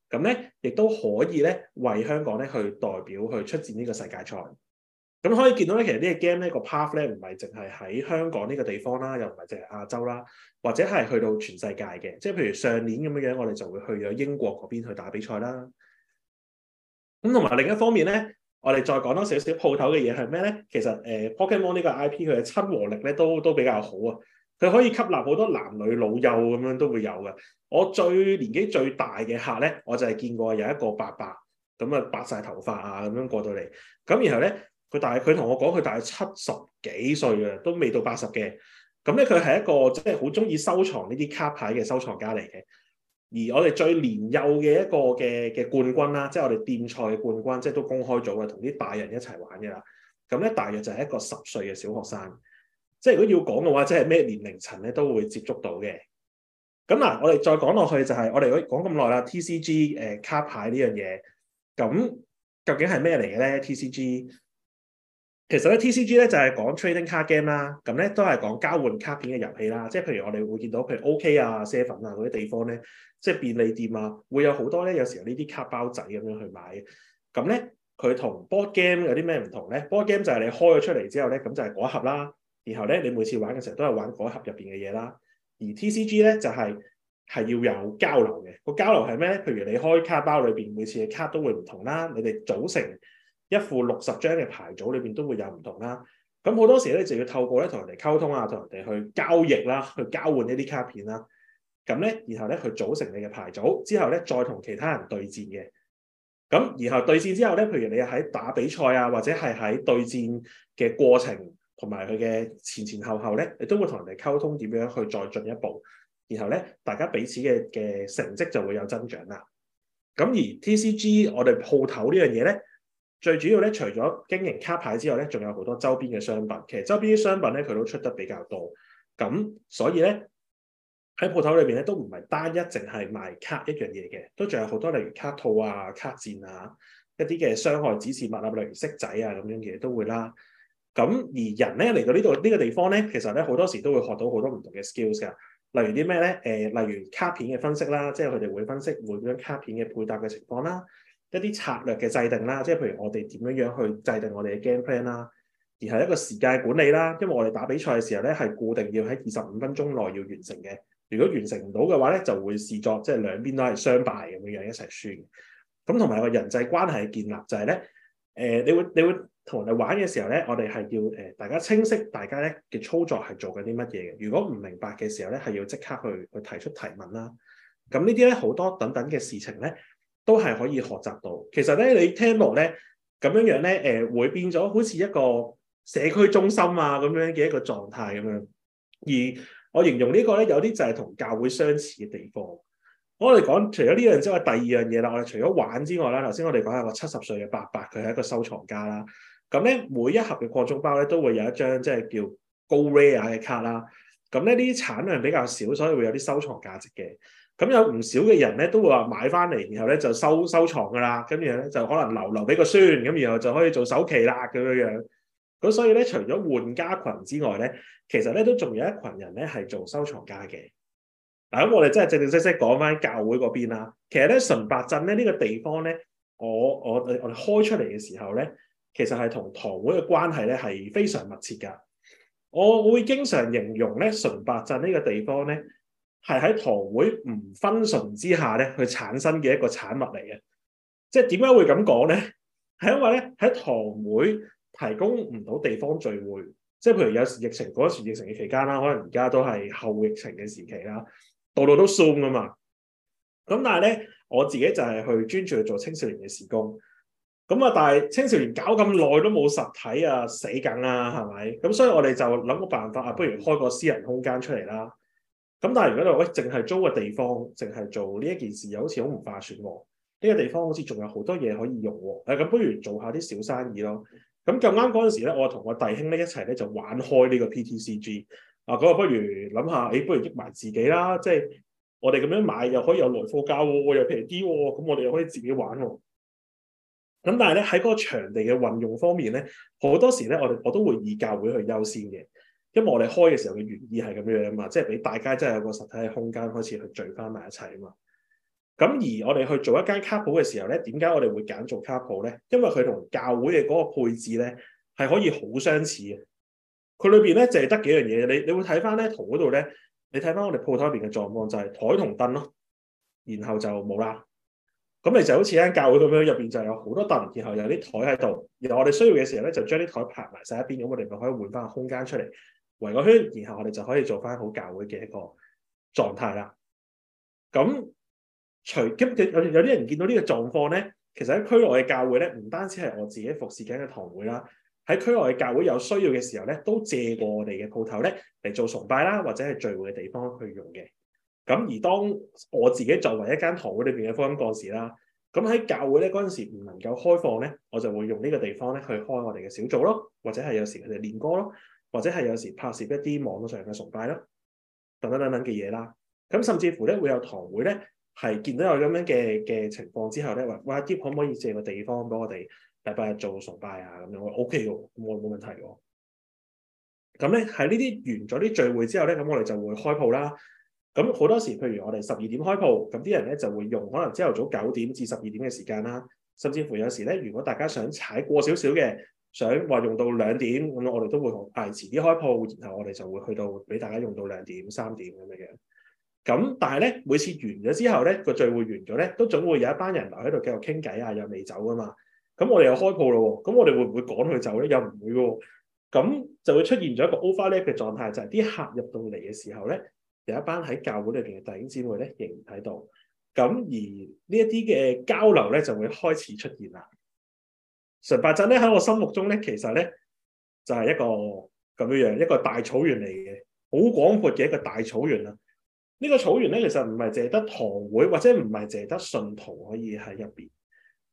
咁咧，亦都可以咧為香港咧去代表去出戰呢個世界賽。咁可以見到咧，其實呢個 game 咧個 path 咧唔係淨係喺香港呢個地方啦，又唔係淨係亞洲啦，或者係去到全世界嘅。即係譬如上年咁樣樣，我哋就會去咗英國嗰邊去打比賽啦。咁同埋另一方面咧，我哋再講多少少鋪頭嘅嘢係咩咧？其實誒 Pokemon 呢個 IP 佢嘅親和力咧都都比較好啊，佢可以吸納好多男女老幼咁樣都會有嘅。我最年紀最大嘅客咧，我就係見過有一個伯伯，咁啊白晒頭髮啊咁樣過到嚟。咁然後咧，佢但係佢同我講佢大約七十幾歲嘅，都未到八十嘅。咁咧佢係一個即係好中意收藏呢啲卡牌嘅收藏家嚟嘅。而我哋最年幼嘅一個嘅嘅冠軍啦，即係我哋電賽嘅冠軍，即係都公開咗嘅，同啲大人一齊玩嘅啦。咁咧，大約就係一個十歲嘅小學生。即係如果要講嘅話，即係咩年齡層咧都會接觸到嘅。咁嗱，我哋再講落去就係、是、我哋講咁耐啦。TCG 誒、呃、卡牌呢樣嘢，咁究竟係咩嚟嘅咧？TCG 其實咧，TCG 咧就係、是、講 Trading Card Game 啦，咁咧都係講交換卡片嘅遊戲啦。即係譬如我哋會見到譬如 OK 啊、Seven 啊嗰啲地方咧，即係便利店啊，會有好多咧，有時候呢啲卡包仔咁樣去買嘅。咁咧佢同 board game 有啲咩唔同咧？board game 就係你開咗出嚟之後咧，咁就係嗰盒啦。然後咧，你每次玩嘅時候都係玩嗰盒入邊嘅嘢啦。而 TCG 咧就係、是、係要有交流嘅。個交流係咩？譬如你開卡包裏邊，每次嘅卡都會唔同啦。你哋組成，一副六十張嘅牌組裏邊都會有唔同啦，咁好多時咧就要透過咧同人哋溝通啊，同人哋去交易啦，去交換呢啲卡片啦，咁咧然後咧去組成你嘅牌組，之後咧再同其他人對戰嘅，咁然後對戰之後咧，譬如你喺打比賽啊，或者係喺對戰嘅過程同埋佢嘅前前後後咧，你都會同人哋溝通點樣去再進一步，然後咧大家彼此嘅嘅成績就會有增長啦。咁而 TCG 我哋鋪頭呢樣嘢咧。最主要咧，除咗經營卡牌之外咧，仲有好多周邊嘅商品。其實周邊啲商品咧，佢都出得比較多。咁所以咧，喺鋪頭裏邊咧，都唔係單一淨係賣卡一樣嘢嘅，都仲有好多，例如卡套啊、卡墊啊，一啲嘅傷害指示物啊，例如骰仔啊咁樣嘢都會啦。咁而人咧嚟到呢度呢個地方咧，其實咧好多時都會學到好多唔同嘅 skills 噶，例如啲咩咧？誒、呃，例如卡片嘅分析啦，即係佢哋會分析每張卡片嘅配搭嘅情況啦。一啲策略嘅制定啦，即係譬如我哋點樣樣去制定我哋嘅 game plan 啦，而係一個時間管理啦，因為我哋打比賽嘅時候咧，係固定要喺二十五分鐘內要完成嘅。如果完成唔到嘅話咧，就會視作即係兩邊都係雙敗咁樣一齊輸嘅。咁同埋個人際關係嘅建立就係、是、咧，誒、呃，你會你會同人哋玩嘅時候咧，我哋係要誒大家清晰大家咧嘅操作係做緊啲乜嘢嘅。如果唔明白嘅時候咧，係要即刻去去提出提問啦。咁呢啲咧好多等等嘅事情咧，都係可以學習到。其實咧，你聽落咧咁樣樣咧，誒會變咗好似一個社區中心啊咁樣嘅一個狀態咁樣。而我形容呢個咧，有啲就係同教會相似嘅地方。我哋講除咗呢樣之外，第二樣嘢啦，我哋除咗玩之外咧，頭先我哋講下個七十歲嘅伯伯，佢係一個收藏家啦。咁咧，每一盒嘅擴中包咧，都會有一張即係叫高 rare 嘅卡啦。咁咧，呢啲產量比較少，所以會有啲收藏價值嘅。咁有唔少嘅人咧，都會話買翻嚟，然後咧就收收藏噶啦，咁然後咧就可能留留俾個孫，咁然後就可以做首期啦咁樣樣。咁所以咧，除咗換家群之外咧，其實咧都仲有一群人咧係做收藏家嘅。嗱，咁我哋真係正正式式講翻教會嗰邊啦。其實咧，純白鎮咧呢個地方咧，我我我哋開出嚟嘅時候咧，其實係同堂會嘅關係咧係非常密切噶。我會經常形容咧，純白鎮呢個地方咧。係喺堂會唔分純之下咧，佢產生嘅一個產物嚟嘅。即係點解會咁講咧？係因為咧喺堂會提供唔到地方聚會，即係譬如有時疫情嗰時疫情嘅期間啦，可能而家都係後疫情嘅時期啦，度度都鬆㗎嘛。咁但係咧，我自己就係去專注去做青少年嘅事工。咁啊，但係青少年搞咁耐都冇實體啊，死梗啦、啊，係咪？咁所以我哋就諗個辦法啊，不如開個私人空間出嚟啦。咁但係如果就喂淨係租個地方，淨係做呢一件事，又好似好唔划算喎。呢、這個地方好似仲有好多嘢可以用喎。咁、啊、不如做下啲小生意咯。咁咁啱嗰陣時咧，我同我弟兄咧一齊咧就玩開呢個 PTCG。啊，咁啊不如諗下，誒、欸，不如益埋自己啦。即係我哋咁樣買又可以有來貨交喎、哦，又平啲喎。咁我哋又可以自己玩喎、哦。咁但係咧喺嗰個場地嘅運用方面咧，好多時咧我哋我都會以教會去優先嘅。因為我哋開嘅時候嘅原意係咁樣啊嘛，即係俾大家真係有個實體嘅空間開始去聚翻埋一齊啊嘛。咁而我哋去做一間卡鋪嘅時候咧，點解我哋會揀做卡鋪咧？因為佢同教會嘅嗰個配置咧係可以好相似嘅。佢裏邊咧就係得幾樣嘢，你你會睇翻咧圖嗰度咧，你睇翻我哋鋪頭入邊嘅狀況就係台同燈咯，然後就冇啦。咁你就好似間教會咁樣，入邊就有好多燈，然後有啲台喺度。然後我哋需要嘅時候咧，就將啲台拍埋晒一邊，咁我哋咪可以換翻個空間出嚟圍個圈，然後我哋就可以做翻好教會嘅一個狀態啦。咁除今，有有啲人見到呢個狀況咧，其實喺區內嘅教會咧，唔單止係我自己服侍緊嘅堂會啦，喺區內嘅教會有需要嘅時候咧，都借過我哋嘅鋪頭咧嚟做崇拜啦，或者係聚會嘅地方去用嘅。咁而當我自己作為一間堂會裏邊嘅福音幹事啦，咁喺教會咧嗰陣時唔能夠開放咧，我就會用呢個地方咧去開我哋嘅小組咯，或者係有時佢哋練歌咯。或者係有時拍攝一啲網絡上嘅崇拜咯，等等等等嘅嘢啦。咁甚至乎咧會有堂會咧，係見到有咁樣嘅嘅情況之後咧，話喂，阿 Deep，可唔可以借個地方俾我哋禮拜日做崇拜啊？咁樣我 OK 嘅，我冇問題嘅。咁咧喺呢啲完咗啲聚會之後咧，咁我哋就會開鋪啦。咁好多時，譬如我哋十二點開鋪，咁啲人咧就會用可能朝頭早九點至十二點嘅時間啦。甚至乎有時咧，如果大家想踩過少少嘅。想話用到兩點咁，我哋都會同大遲啲開鋪，然後我哋就會去到俾大家用到兩點、三點咁嘅樣。咁但係咧，每次完咗之後咧，個聚會完咗咧，都總會有一班人留喺度繼續傾偈啊，又未走噶嘛。咁我哋又開鋪咯，咁我哋會唔會趕佢走咧？又唔會喎、啊。咁就會出現咗一個 overlap 嘅狀態，就係、是、啲客入到嚟嘅時候咧，有一班喺教會裏邊嘅弟兄姊妹咧仍然喺度。咁而呢一啲嘅交流咧，就會開始出現啦。純白鎮咧喺我心目中咧，其實咧就係、是、一個咁樣樣一個大草原嚟嘅，好廣闊嘅一個大草原啊。呢、這個草原咧，其實唔係淨得堂會或者唔係淨得信徒可以喺入邊，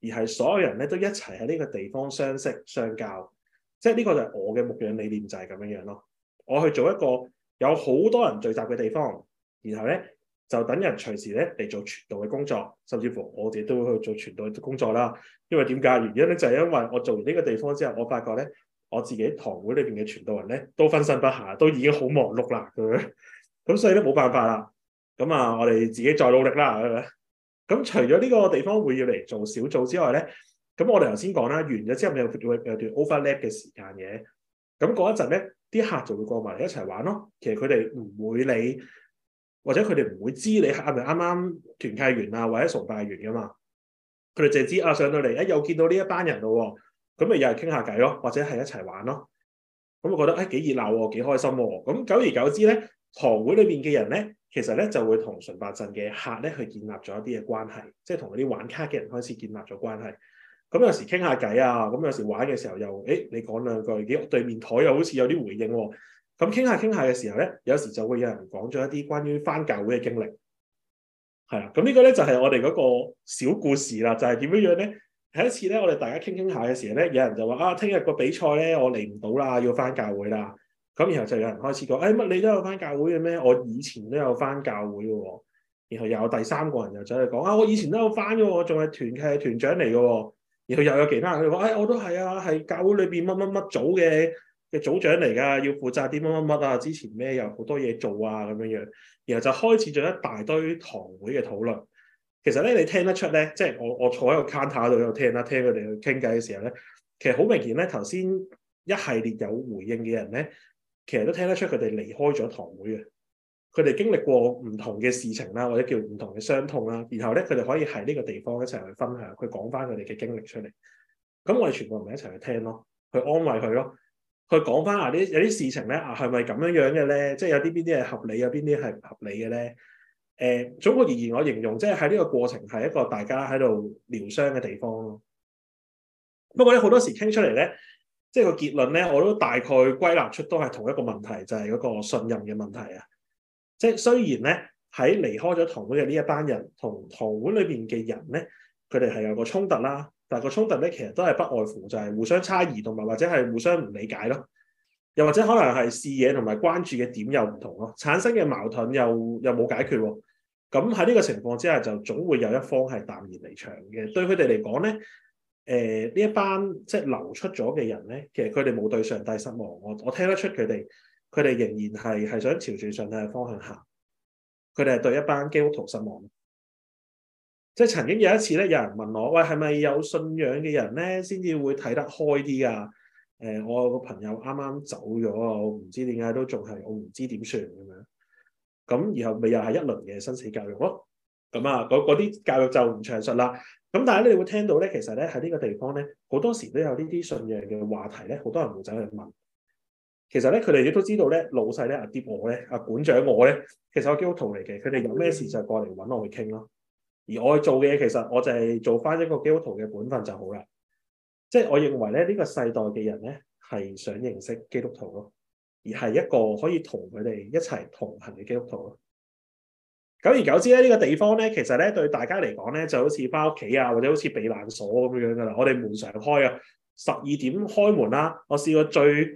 而係所有人咧都一齊喺呢個地方相識相交。即係呢個就係我嘅牧養理念就係、是、咁樣樣咯。我去做一個有好多人聚集嘅地方，然後咧。就等人隨時咧嚟做傳道嘅工作，甚至乎我哋都會去做傳道嘅工作啦。因為點解原因咧？就係因為我做完呢個地方之後，我發覺咧我自己堂會裏邊嘅傳道人咧都分身不下，都已經好忙碌啦。咁 咁所以咧冇辦法啦。咁啊，我哋自己再努力啦。咁 除咗呢個地方會要嚟做小組之外咧，咁我哋頭先講啦，完咗之後你有有段 overlap 嘅時間嘅。咁嗰一陣咧，啲客就會過埋嚟一齊玩咯。其實佢哋唔會理。或者佢哋唔會知你係咪啱啱團契完啊，或者崇拜完噶嘛？佢哋淨係知啊，上到嚟啊，又見到呢一班人咯、哦，咁、嗯、咪又係傾下偈咯，或者係一齊玩咯。咁、嗯、我覺得誒幾、哎、熱鬧喎，幾開心喎。咁、嗯、久而久之咧，堂會裏邊嘅人咧，其實咧就會同純白鎮嘅客咧，去建立咗一啲嘅關係，即係同嗰啲玩卡嘅人開始建立咗關係。咁、嗯、有時傾下偈啊，咁、嗯、有時玩嘅時候又誒，你講兩句，幾對面台又好似有啲回應喎、啊。咁傾下傾下嘅時候咧，有時就會有人講咗一啲關於翻教會嘅經歷，係啦。咁呢個咧就係我哋嗰個小故事啦。就係、是、點樣樣咧？喺一次咧，我哋大家傾傾下嘅時候咧，有人就話啊，聽日個比賽咧，我嚟唔到啦，要翻教會啦。咁然後就有人開始講，誒、哎、乜你都有翻教會嘅咩？我以前都有翻教會嘅喎、哦。然後又有第三個人又走嚟講啊，我以前都有翻嘅喎，仲係團契嘅團長嚟嘅喎。然後又有其他人佢話，誒、哎、我都係啊，係教會裏邊乜乜乜組嘅。嘅組長嚟㗎，要負責啲乜乜乜啊，之前咩又好多嘢做啊，咁樣樣，然後就開始咗一大堆堂會嘅討論。其實咧，你聽得出咧，即係我我坐喺個 counter 嗰度有聽啦，聽佢哋去傾偈嘅時候咧，其實好明顯咧，頭先一系列有回應嘅人咧，其實都聽得出佢哋離開咗堂會嘅。佢哋經歷過唔同嘅事情啦，或者叫唔同嘅傷痛啦，然後咧佢哋可以喺呢個地方一齊去分享，去講翻佢哋嘅經歷出嚟。咁我哋全部人咪一齊去聽咯，去安慰佢咯。佢講翻啊！啲有啲事情咧啊，係咪咁樣樣嘅咧？即係有啲邊啲係合理，有邊啲係唔合理嘅咧？誒，總括而言，我形容即係喺呢個過程係一個大家喺度療傷嘅地方咯。不過咧，好多時傾出嚟咧，即係個結論咧，我都大概歸納出都係同一個問題，就係嗰個信任嘅問題啊！即係雖然咧喺離開咗堂會嘅呢一班人同堂會裏邊嘅人咧，佢哋係有個衝突啦。但係個衝突咧，其實都係不外乎就係、是、互相猜疑，同埋或者係互相唔理解咯。又或者可能係視野同埋關注嘅點又唔同咯，產生嘅矛盾又又冇解決。咁喺呢個情況之下，就總會有一方係淡然離場嘅。對佢哋嚟講咧，誒、呃、呢一班即係流出咗嘅人咧，其實佢哋冇對上帝失望。我我聽得出佢哋，佢哋仍然係係想朝住上帝嘅方向行。佢哋係對一班基督徒失望。即係曾經有一次咧，有人問我：喂，係咪有信仰嘅人咧先至會睇得開啲啊？誒、呃，我個朋友啱啱走咗，我唔知點解都仲係，我唔知點算咁樣。咁然後咪又係一輪嘅生死教育咯。咁啊，嗰嗰啲教育就唔詳述啦。咁但係咧，你會聽到咧，其實咧喺呢個地方咧，好多時都有呢啲信仰嘅話題咧，好多人會走去問。其實咧，佢哋亦都知道咧，老細咧阿爹我咧，阿管長我咧，其實係基督徒嚟嘅。佢哋有咩事就過嚟揾我去傾咯。而我做嘅嘢，其實我就係做翻一個基督徒嘅本分就好啦。即係我認為咧，呢個世代嘅人咧，係想認識基督徒咯，而係一個可以同佢哋一齊同行嘅基督徒咯。久而久之咧，呢個地方咧，其實咧對大家嚟講咧，就好似翻屋企啊，或者好似避難所咁樣噶啦。我哋門常開啊，十二點開門啦。我試過最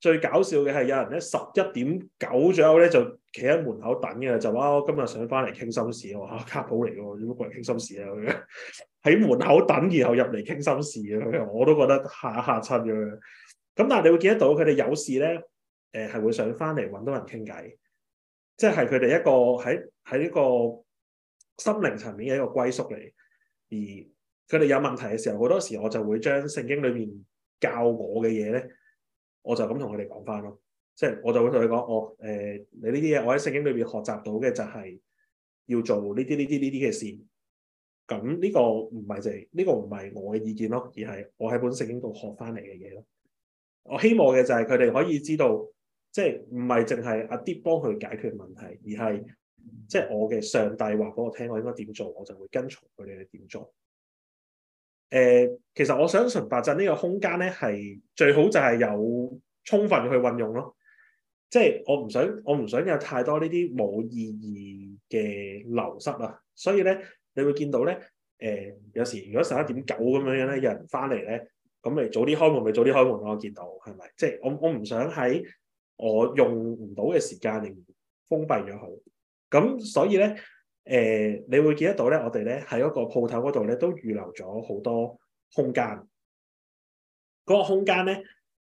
最搞笑嘅係，有人咧十一點九左右咧就～企喺門口等嘅就話我今日想翻嚟傾心事喎、啊，家寶嚟喎，點解過嚟傾心事啊？喺 門口等，然後入嚟傾心事啊！我都覺得嚇嚇親咗。咁但係你會見得到佢哋有事咧，誒係會想翻嚟揾到人傾偈，即係佢哋一個喺喺呢個心靈層面嘅一個歸宿嚟。而佢哋有問題嘅時候，好多時我就會將聖經裏面教我嘅嘢咧，我就咁同佢哋講翻咯。即係我就會同佢講，我誒、呃、你呢啲嘢，我喺聖經裏邊學習到嘅就係要做呢啲呢啲呢啲嘅事。咁呢、這個唔係就係呢個唔係我嘅意見咯，而係我喺本聖經度學翻嚟嘅嘢咯。我希望嘅就係佢哋可以知道，即係唔係淨係阿 Deep 幫佢解決問題，而係即係我嘅上帝話俾我聽，我應該點做，我就會跟從佢哋去點做。誒、呃，其實我想純白鎮呢個空間咧，係最好就係有充分去運用咯。即係我唔想，我唔想有太多呢啲冇意義嘅流失啊！所以咧，你會見到咧，誒、呃、有時如果十一點九咁樣樣咧，有人翻嚟咧，咁你早啲開門，咪早啲開門咯。我見到係咪？即係我我唔想喺我用唔到嘅時間，你封閉咗佢。咁所以咧，誒、呃、你會見得到咧，我哋咧喺嗰個鋪頭嗰度咧，都預留咗好多空間。嗰、那個空間咧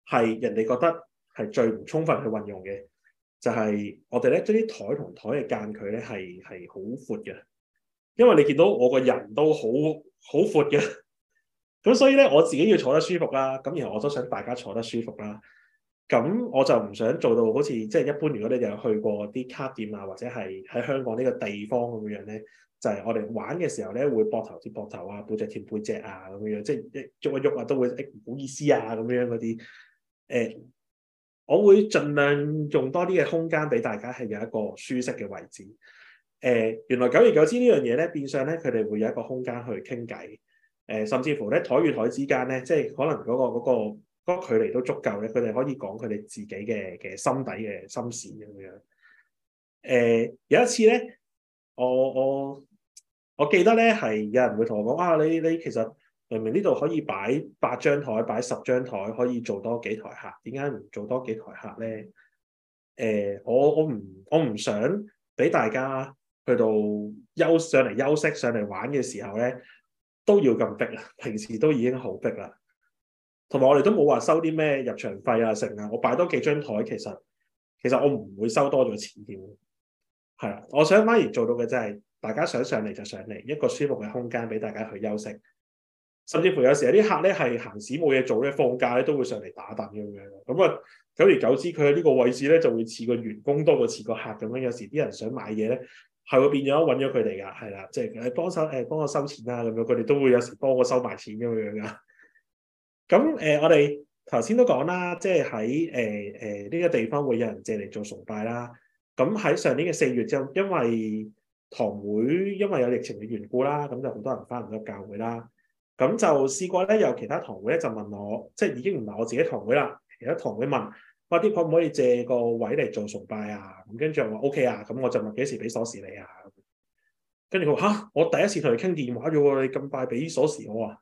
係人哋覺得。係最唔充分去運用嘅，就係、是、我哋咧，將啲台同台嘅間距咧係係好闊嘅，因為你見到我個人都好好闊嘅，咁 所以咧我自己要坐得舒服啦、啊，咁然後我都想大家坐得舒服啦、啊，咁我就唔想做到好似即係一般，如果你有去過啲卡店啊，或者係喺香港呢個地方咁樣咧，就係、是、我哋玩嘅時候咧會膊頭貼膊頭啊，背脊貼背脊啊咁樣，樣，即係一喐一喐啊都會唔好意思啊咁樣嗰啲誒。我會盡量用多啲嘅空間俾大家，係有一個舒適嘅位置。誒、呃，原來久而久之呢樣嘢咧，變相咧佢哋會有一個空間去傾偈。誒、呃，甚至乎咧台與台之間咧，即係可能嗰個嗰個嗰個距離都足夠咧，佢哋可以講佢哋自己嘅嘅、那個、心底嘅心事咁樣。誒、呃，有一次咧，我我我記得咧係有人會同我講，啊，你你其實～明明呢度可以擺八張台，擺十張台，可以多做多幾台客。點解唔做多幾台客咧？誒、呃，我我唔我唔想俾大家去到休上嚟休息、上嚟玩嘅時候咧，都要咁逼啊！平時都已經好逼啦。同埋我哋都冇話收啲咩入場費啊，成啊！我擺多幾張台，其實其實我唔會收多咗錢嘅。係啊，我想反而做到嘅就係、是、大家想上嚟就上嚟，一個舒服嘅空間俾大家去休息。甚至乎有時有啲客咧係行市冇嘢做咧，放假咧都會上嚟打躉咁樣。咁啊，久而久之，佢喺呢個位置咧就會似個員工多過似個客咁樣。有時啲人想買嘢咧，係會變咗揾咗佢哋噶，係啦，即係幫手誒幫我收錢啦咁樣。佢哋都會有時幫我收埋錢咁樣噶。咁誒、呃，我哋頭先都講啦，即係喺誒誒呢個地方會有人借嚟做崇拜啦。咁喺上年嘅四月之後就因為堂會因為有疫情嘅緣故啦，咁就好多人翻唔到教會啦。咁就試過咧，有其他堂會咧就問我，即係已經唔係我自己堂會啦。其他堂會問快啲可唔可以借個位嚟做崇拜啊？咁跟住我話 OK 啊，咁我就問幾時俾鎖匙你啊？跟住佢話吓，我第一次同你傾電話啫喎，你咁快俾鎖匙我啊？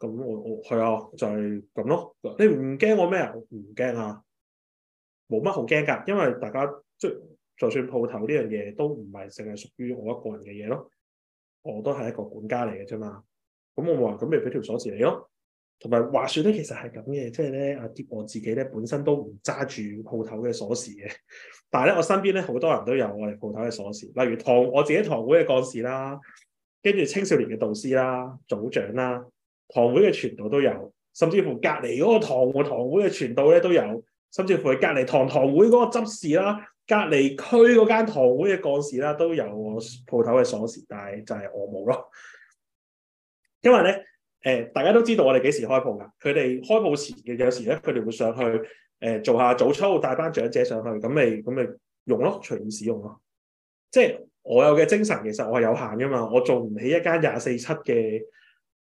咁我我係啊，就係、是、咁咯。你唔驚我咩啊？唔驚啊，冇乜好驚㗎，因為大家即係就，就算鋪頭呢樣嘢都唔係淨係屬於我一個人嘅嘢咯。我都係一個管家嚟嘅啫嘛。咁我話咁咪俾條鎖匙你咯，同埋話說咧，其實係咁嘅，即係咧，阿碟我自己咧本身都唔揸住鋪頭嘅鎖匙嘅，但係咧我身邊咧好多人都有我哋鋪頭嘅鎖匙，例如堂我自己堂會嘅幹事啦，跟住青少年嘅導師啦、組長啦、堂會嘅傳道都有，甚至乎隔籬嗰個堂會堂會嘅傳道咧都有，甚至乎隔籬堂堂會嗰個執事啦、隔籬區嗰間堂會嘅幹事啦都有我鋪頭嘅鎖匙，但係就係我冇咯。因為咧，誒，大家都知道我哋幾時開鋪噶。佢哋開鋪前嘅，有時咧，佢哋會上去，誒，做下早操，帶班長者上去，咁咪咁咪用咯，隨便使用咯。即係我有嘅精神，其實我係有限噶嘛，我做唔起一間廿四七嘅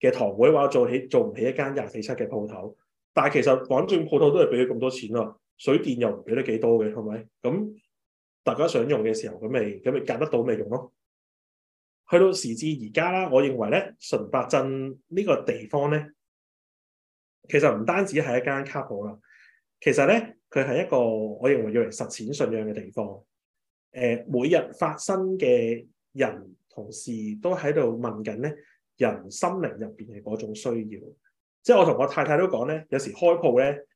嘅堂會，話做起做唔起一間廿四七嘅鋪頭。但係其實反正鋪頭都係俾咗咁多錢啦，水電又唔俾得幾多嘅，係咪？咁大家想用嘅時候，咁咪咁咪夾得到咪用咯。去到時至而家啦，我認為咧純白鎮呢個地方咧，其實唔單止係一間卡鋪啦，其實咧佢係一個我認為要嚟實踐信仰嘅地方。誒、呃，每日發生嘅人同事都喺度問緊咧人心靈入邊嘅嗰種需要。即係我同我太太都講咧，有時開鋪咧，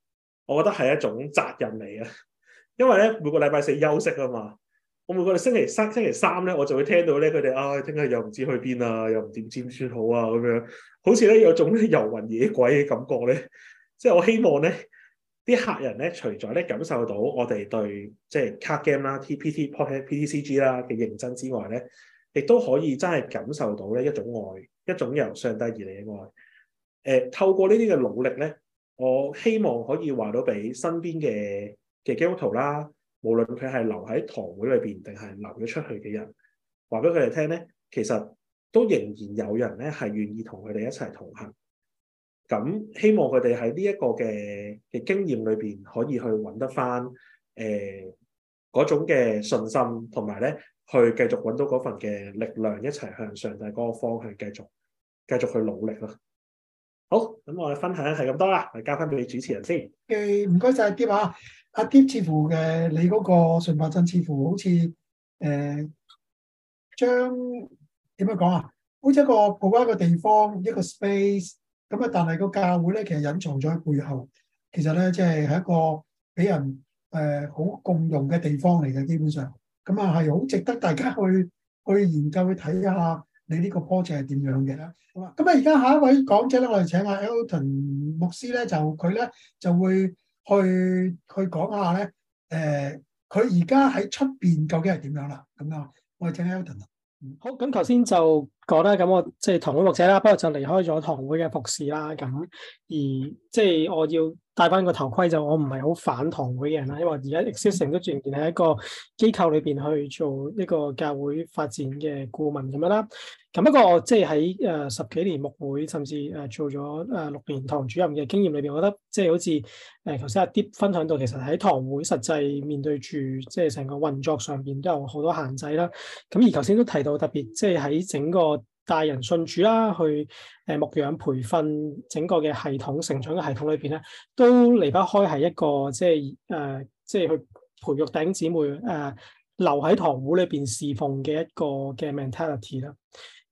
我覺得係一種責任嚟嘅，因為咧每個禮拜四休息啊嘛。我每個星期三星期三咧，我就會聽到咧佢哋啊，聽日又唔知去邊啊，又唔點尖算好啊咁樣，好似咧有種咧遊魂野鬼嘅感覺咧。即係我希望咧，啲客人咧，除咗咧感受到我哋對即係 card game 啦、TPT、PPT、PTCG 啦嘅認真之外咧，亦都可以真係感受到咧一種愛，一種由上帝而嚟嘅愛。誒，透過呢啲嘅努力咧，我希望可以話到俾身邊嘅嘅基督徒啦。無論佢係留喺堂會裏邊，定係留咗出去嘅人，話俾佢哋聽咧，其實都仍然有人咧係願意同佢哋一齊同行。咁希望佢哋喺呢一個嘅嘅經驗裏邊，可以去揾得翻誒嗰種嘅信心，同埋咧去繼續揾到嗰份嘅力量，一齊向上帝嗰個方向繼續繼續去努力啦。好，咁我哋分享係咁多啦，我交翻俾你主持人先。誒謝，唔該晒，Dick 啊。阿 Deep，似乎嘅你嗰個純白鎮，似乎好似誒、呃、將點樣講啊？好似一個嗰一個地方，一個 space 咁啊！但係個教會咧，其實隱藏咗喺背後，其實咧即係喺一個俾人誒好、呃、共用嘅地方嚟嘅，基本上咁啊，係好值得大家去去研究去睇一下你呢個 project 係點樣嘅啦。咁啊，而家下一位講者咧，我哋請阿 Elton 牧師咧，就佢咧就會。去去講一下咧，誒、呃，佢而家喺出邊究竟係點樣啦？咁樣，我哋聽 Elton 啊。嗯、好，咁頭先就講啦，咁我即係、就是、堂會牧者啦，不過就離開咗堂會嘅服侍啦。咁而即係、就是、我要戴翻個頭盔，就我唔係好反堂會嘅人啦，因為而家 Existing 都轉變喺一個機構裏邊去做一個教會發展嘅顧問咁樣啦。咁不過即係喺誒十幾年牧會，甚至誒做咗誒六年堂主任嘅經驗裏邊，我覺得即係好似誒頭先阿 Deep 分享到，其實喺堂會實際面對住即係成個運作上邊都有好多限制啦。咁而頭先都提到特別，即係喺整個帶人信主啦，去誒牧養培訓整個嘅系統成長嘅系統裏邊咧，都離不開係一個即係誒，即、呃、係、即係、去培育弟兄姊妹誒、呃、留喺堂會裏邊侍奉嘅一個嘅 mentality 啦。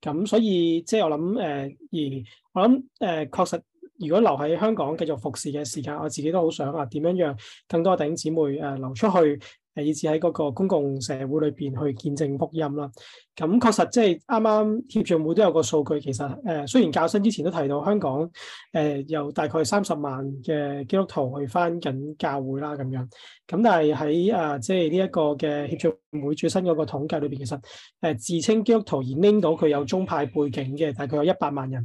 咁所以即係、就是、我諗誒、呃，而我諗誒、呃，確實如果留喺香港繼續服侍嘅時間，我自己都好想啊，點樣讓更多弟兄姊妹誒、呃、流出去？誒以至喺嗰個公共社會裏邊去見證福音啦。咁確實即係啱啱協進會都有個數據，其實誒、呃、雖然教新之前都提到香港誒、呃、有大概三十萬嘅基督徒去返緊教會啦咁樣。咁但係喺啊即係呢一個嘅協進會最新嗰個統計裏邊，其實誒、呃、自稱基督徒而拎到佢有宗派背景嘅，大概有一百萬人。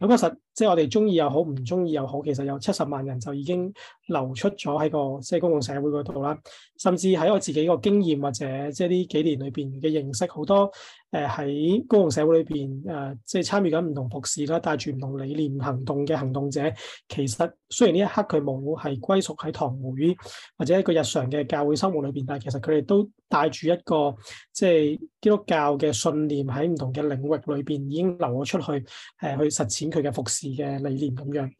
咁確實。即係我哋中意又好，唔中意又好，其實有七十萬人就已經流出咗喺個即係公共社會嗰度啦。甚至喺我自己個經驗或者即係呢幾年裏邊嘅認識，好多誒喺、呃、公共社會裏邊誒，即係參與緊唔同服侍啦，帶住唔同理念行動嘅行動者，其實雖然呢一刻佢冇係歸屬喺堂會或者個日常嘅教會生活裏邊，但係其實佢哋都帶住一個即係基督教嘅信念喺唔同嘅領域裏邊已經流咗出，出去，誒、呃、去實踐佢嘅服侍。嘅理念咁樣，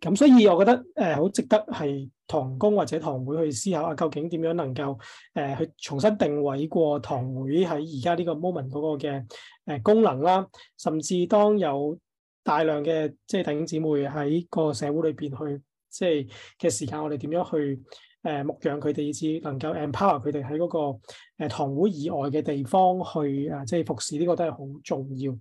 咁所以我覺得誒，好、呃、值得係堂工或者堂會去思考啊，究竟點樣能夠誒、呃、去重新定位過堂會喺而家呢個 moment 嗰個嘅誒功能啦、啊，甚至當有大量嘅即係弟兄姊妹喺個社會裏邊去即係嘅時間，我哋點樣去誒、呃、牧養佢哋，以至能夠 empower 佢哋喺嗰個誒、呃、堂會以外嘅地方去誒，即係服侍呢、這個都係好重要。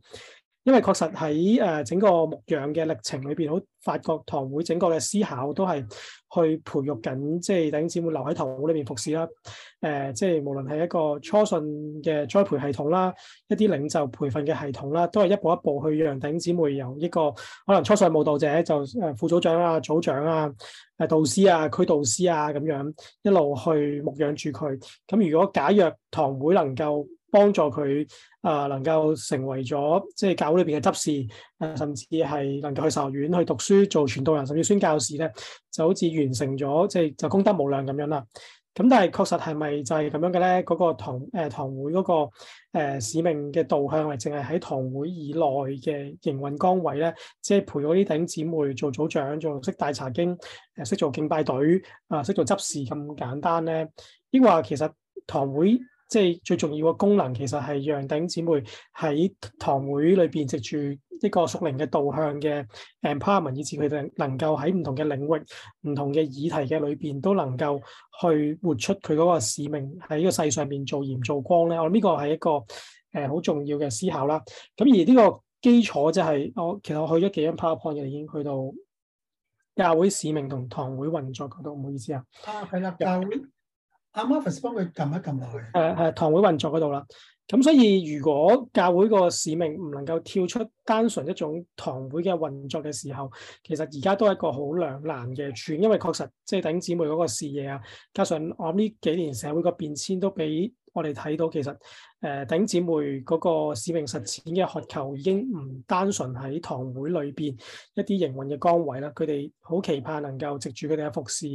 因為確實喺誒整個牧養嘅歷程裏邊，好發覺堂會整個嘅思考都係去培育緊，即係弟兄姊妹留喺堂會裏邊服侍啦。誒、呃，即係無論係一個初信嘅栽培系統啦，一啲領袖培訓嘅系統啦，都係一步一步去讓弟兄姊妹由一個可能初信慕道者，就誒副組長啊、組長啊、誒導師啊、區導師啊咁樣一路去牧養住佢。咁如果假若堂會能夠，幫助佢啊、呃，能夠成為咗即係教會裏邊嘅執事，呃、甚至係能夠去神學院去讀書做傳道人，甚至宣教士咧，就好似完成咗即係就功德無量咁樣啦。咁但係確實係咪就係咁樣嘅咧？嗰、那個堂誒、呃、堂會嗰、那個、呃、使命嘅導向係淨係喺堂會以內嘅營運崗位咧，即係培養啲頂姊妹做組長，做識帶查經，誒、呃、識做敬拜隊，啊、呃、識做執事咁簡單咧？抑或其實堂會。即係最重要嘅功能，其實係讓頂姊妹喺堂會裏邊，藉住一個屬靈嘅導向嘅 empowerment 以至佢哋能夠喺唔同嘅領域、唔同嘅議題嘅裏邊，都能夠去活出佢嗰個使命喺呢個世上邊做鹽做光咧。我諗呢個係一個誒好、呃、重要嘅思考啦。咁而呢個基礎即係我其實我去咗幾張 powerpoint 嘅，已經去到教會使命同堂會運作嗰度。唔好意思啊。啊，係啦，教會。阿 Matthew 幫佢撳一撳落去，誒誒，堂會運作嗰度啦。咁所以如果教會個使命唔能夠跳出單純一種堂會嘅運作嘅時候，其實而家都係一個好兩難嘅處，因為確實即係弟兄姊妹嗰個視野啊，加上我諗呢幾年社會個變遷都俾我哋睇到，其實。誒、呃、頂姊妹嗰個使命實踐嘅渴求已經唔單純喺堂會裏邊一啲營運嘅崗位啦，佢哋好期盼能夠藉住佢哋嘅服侍，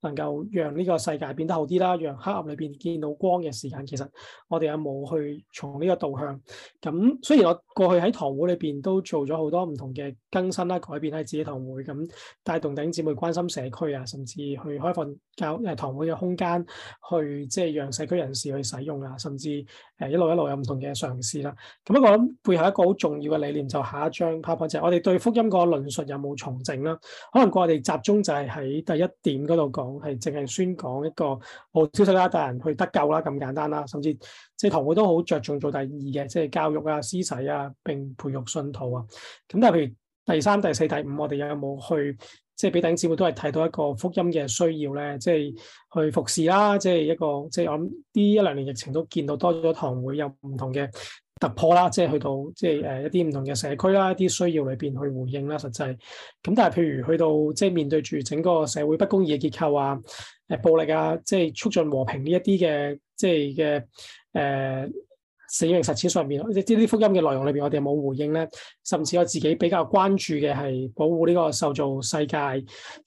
能夠讓呢個世界變得好啲啦，讓黑暗裏邊見到光嘅時間。其實我哋有冇去從呢個導向？咁雖然我過去喺堂會裏邊都做咗好多唔同嘅更新啦、改變喺自己堂會，咁帶動頂姊妹關心社區啊，甚至去開放教誒、呃、堂會嘅空間，去即係讓社區人士去使用啊，甚至、呃一路一路有唔同嘅嘗試啦，咁不過諗背後一個好重要嘅理念就下一張 PowerPoint，就是、我哋對福音個論述有冇重整啦？可能過我哋集中就係喺第一點嗰度講，係淨係宣講一個好消息啦，帶人去得救啦咁簡單啦。甚至即係堂會都好着重做第二嘅，即、就、係、是、教育啊、施洗啊、並培育信徒啊。咁但係譬如第三、第四、第五，我哋又有冇去？即係俾弟兄姊妹都係睇到一個福音嘅需要咧，即係去服侍啦，即係一個即係我諗呢一兩年疫情都見到多咗堂會有唔同嘅突破啦，即係去到即係誒一啲唔同嘅社區啦，一啲需要裏邊去回應啦，實際，咁但係譬如去到即係面對住整個社會不公義嘅結構啊，誒暴力啊，即係促進和平呢一啲嘅即係嘅誒。呃使命實踐上面，即呢啲福音嘅內容裏邊，我哋有冇回應咧？甚至我自己比較關注嘅係保護呢個受造世界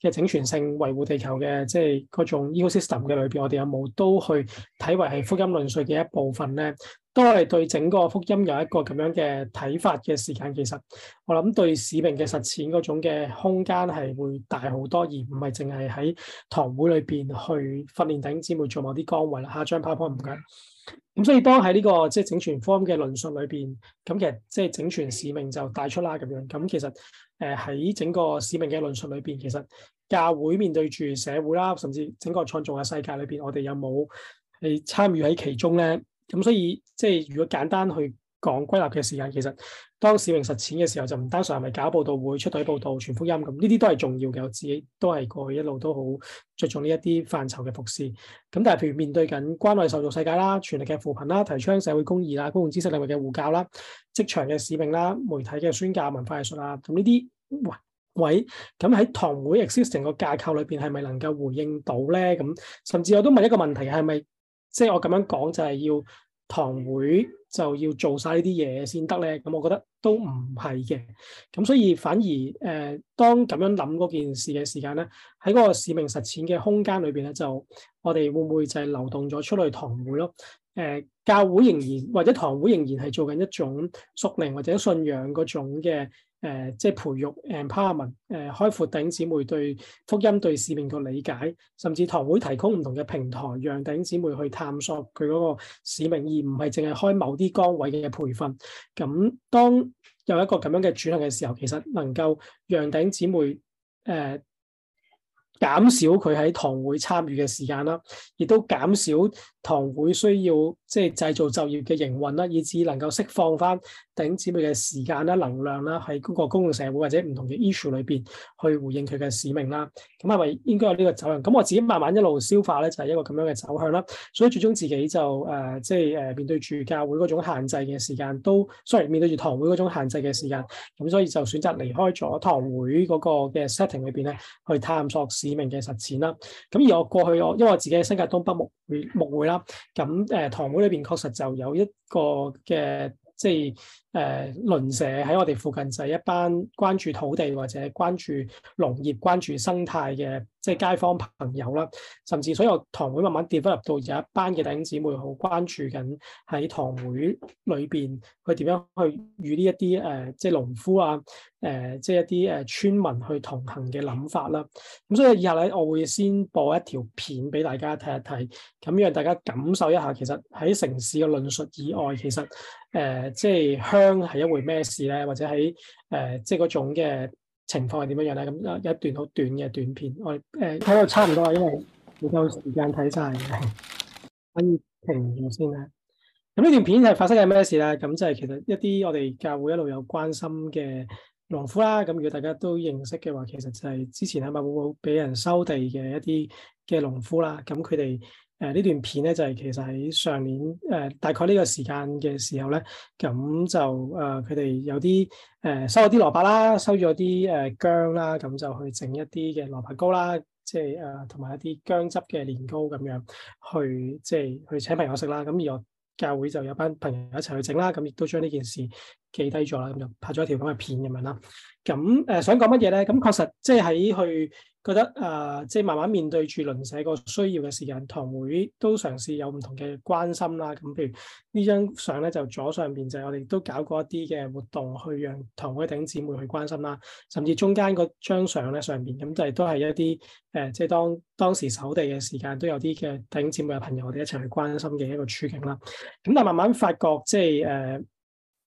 嘅整全性、維護地球嘅，即係嗰種 ecosystem 嘅裏邊，我哋有冇都去睇為係福音論述嘅一部分咧？都係對整個福音有一個咁樣嘅睇法嘅時間。其實我諗對使命嘅實踐嗰種嘅空間係會大好多，而唔係淨係喺堂會裏邊去訓練弟兄姊妹做某啲崗位啦。下張 power 唔該。咁所以當喺呢、這個即係整全科嘅論述裏邊，咁其實即係整全使命就帶出啦，咁樣咁其實誒喺、呃、整個使命嘅論述裏邊，其實教會面對住社會啦，甚至整個創造嘅世界裏邊，我哋有冇係參與喺其中咧？咁所以即係、就是、如果簡單去講歸納嘅時間，其實。當使命實踐嘅時候，就唔單純係咪搞報道會、出隊報道、傳福音咁？呢啲都係重要嘅，我自己都係過去一路都好着重呢一啲範疇嘅服侍。咁但係譬如面對緊關愛受造世界啦、全力嘅扶貧啦、提倡社會公義啦、公共知識領域嘅護教啦、職場嘅使命啦、媒體嘅宣教、文化藝術啦。咁呢啲位咁喺堂會 exist 成個架構裏邊係咪能夠回應到咧？咁甚至我都問一個問題，係咪即係我咁樣講就係要堂會？就要做晒呢啲嘢先得咧，咁我覺得都唔係嘅，咁所以反而誒、呃，當咁樣諗嗰件事嘅時間咧，喺嗰個使命實踐嘅空間裏邊咧，就我哋會唔會就係流動咗出去堂會咯？誒、呃，教會仍然或者堂會仍然係做緊一種屬靈或者信仰嗰種嘅。誒、呃，即係培育誒，empowerment，誒，開闊頂姊妹對福音對使命個理解，甚至堂會提供唔同嘅平台，讓頂姊妹去探索佢嗰個使命，而唔係淨係開某啲崗位嘅培訓。咁當有一個咁樣嘅轉型嘅時候，其實能夠讓頂姊妹誒減、呃、少佢喺堂會參與嘅時間啦，亦都減少。堂會需要即係製造就業嘅營運啦，以至能夠釋放翻弟兄姊妹嘅時間啦、能量啦，喺嗰個公共社會或者唔同嘅 issue 裏邊去回應佢嘅使命啦。咁係咪應該有呢個走向？咁我自己慢慢一路消化咧，就係、是、一個咁樣嘅走向啦。所以最終自己就誒即係誒面對住教會嗰種限制嘅時間，都 sorry 面對住堂會嗰種限制嘅時間，咁所以就選擇離開咗堂會嗰個嘅 setting 裏邊咧，去探索使命嘅實踐啦。咁而我過去我因為我自己喺新界東北牧會牧會。木咁誒，嗯，堂會裏邊確實就有一個嘅，即係。誒鄰舍喺我哋附近就係一班關注土地或者關注農業、關注生態嘅即係街坊朋友啦，甚至所有堂會慢慢跌翻入到而家一班嘅弟兄姊妹好關注緊喺堂會裏邊佢點樣去與呢一啲誒、呃、即係農夫啊誒、呃、即係一啲誒村民去同行嘅諗法啦。咁所以以後咧，我會先播一條片俾大家睇一睇，咁讓大家感受一下其實喺城市嘅論述以外，其實誒、呃、即係香。係一回咩事咧？或者喺誒、呃、即係嗰種嘅情況係點樣樣咧？咁有一段好短嘅短片，我誒睇、呃、到差唔多，因為唔夠時間睇晒。嘅， 可以停咗先啦。咁呢段片係發生緊咩事咧？咁即係其實一啲我哋教會一路有關心嘅農夫啦。咁如果大家都認識嘅話，其實就係之前喺馬寶寶俾人收地嘅一啲嘅農夫啦。咁佢哋。誒呢、呃、段片咧就係、是、其實喺上年誒、呃、大概呢個時間嘅時候咧，咁就誒佢哋有啲誒、呃、收咗啲蘿蔔啦，收咗啲誒薑啦，咁就去整一啲嘅蘿蔔糕啦，即係誒同埋一啲薑汁嘅年糕咁樣，去即係去請朋友食啦。咁而我教會就有班朋友一齊去整啦，咁亦都將呢件事記低咗啦，咁就拍咗一條咁嘅片咁樣啦。咁誒、呃、想講乜嘢咧？咁確實即係喺去。覺得誒、呃，即係慢慢面對住鄰舍個需要嘅時間，堂會都嘗試有唔同嘅關心啦。咁譬如張呢張相咧，就左上邊就係我哋都搞過一啲嘅活動，去讓堂會頂姊妹去關心啦。甚至中間嗰張相咧，上邊咁就係都係一啲誒、呃，即係當當時守地嘅時間都有啲嘅頂姊妹嘅朋友，我哋一齊去關心嘅一個處境啦。咁但慢慢發覺，即係誒、呃，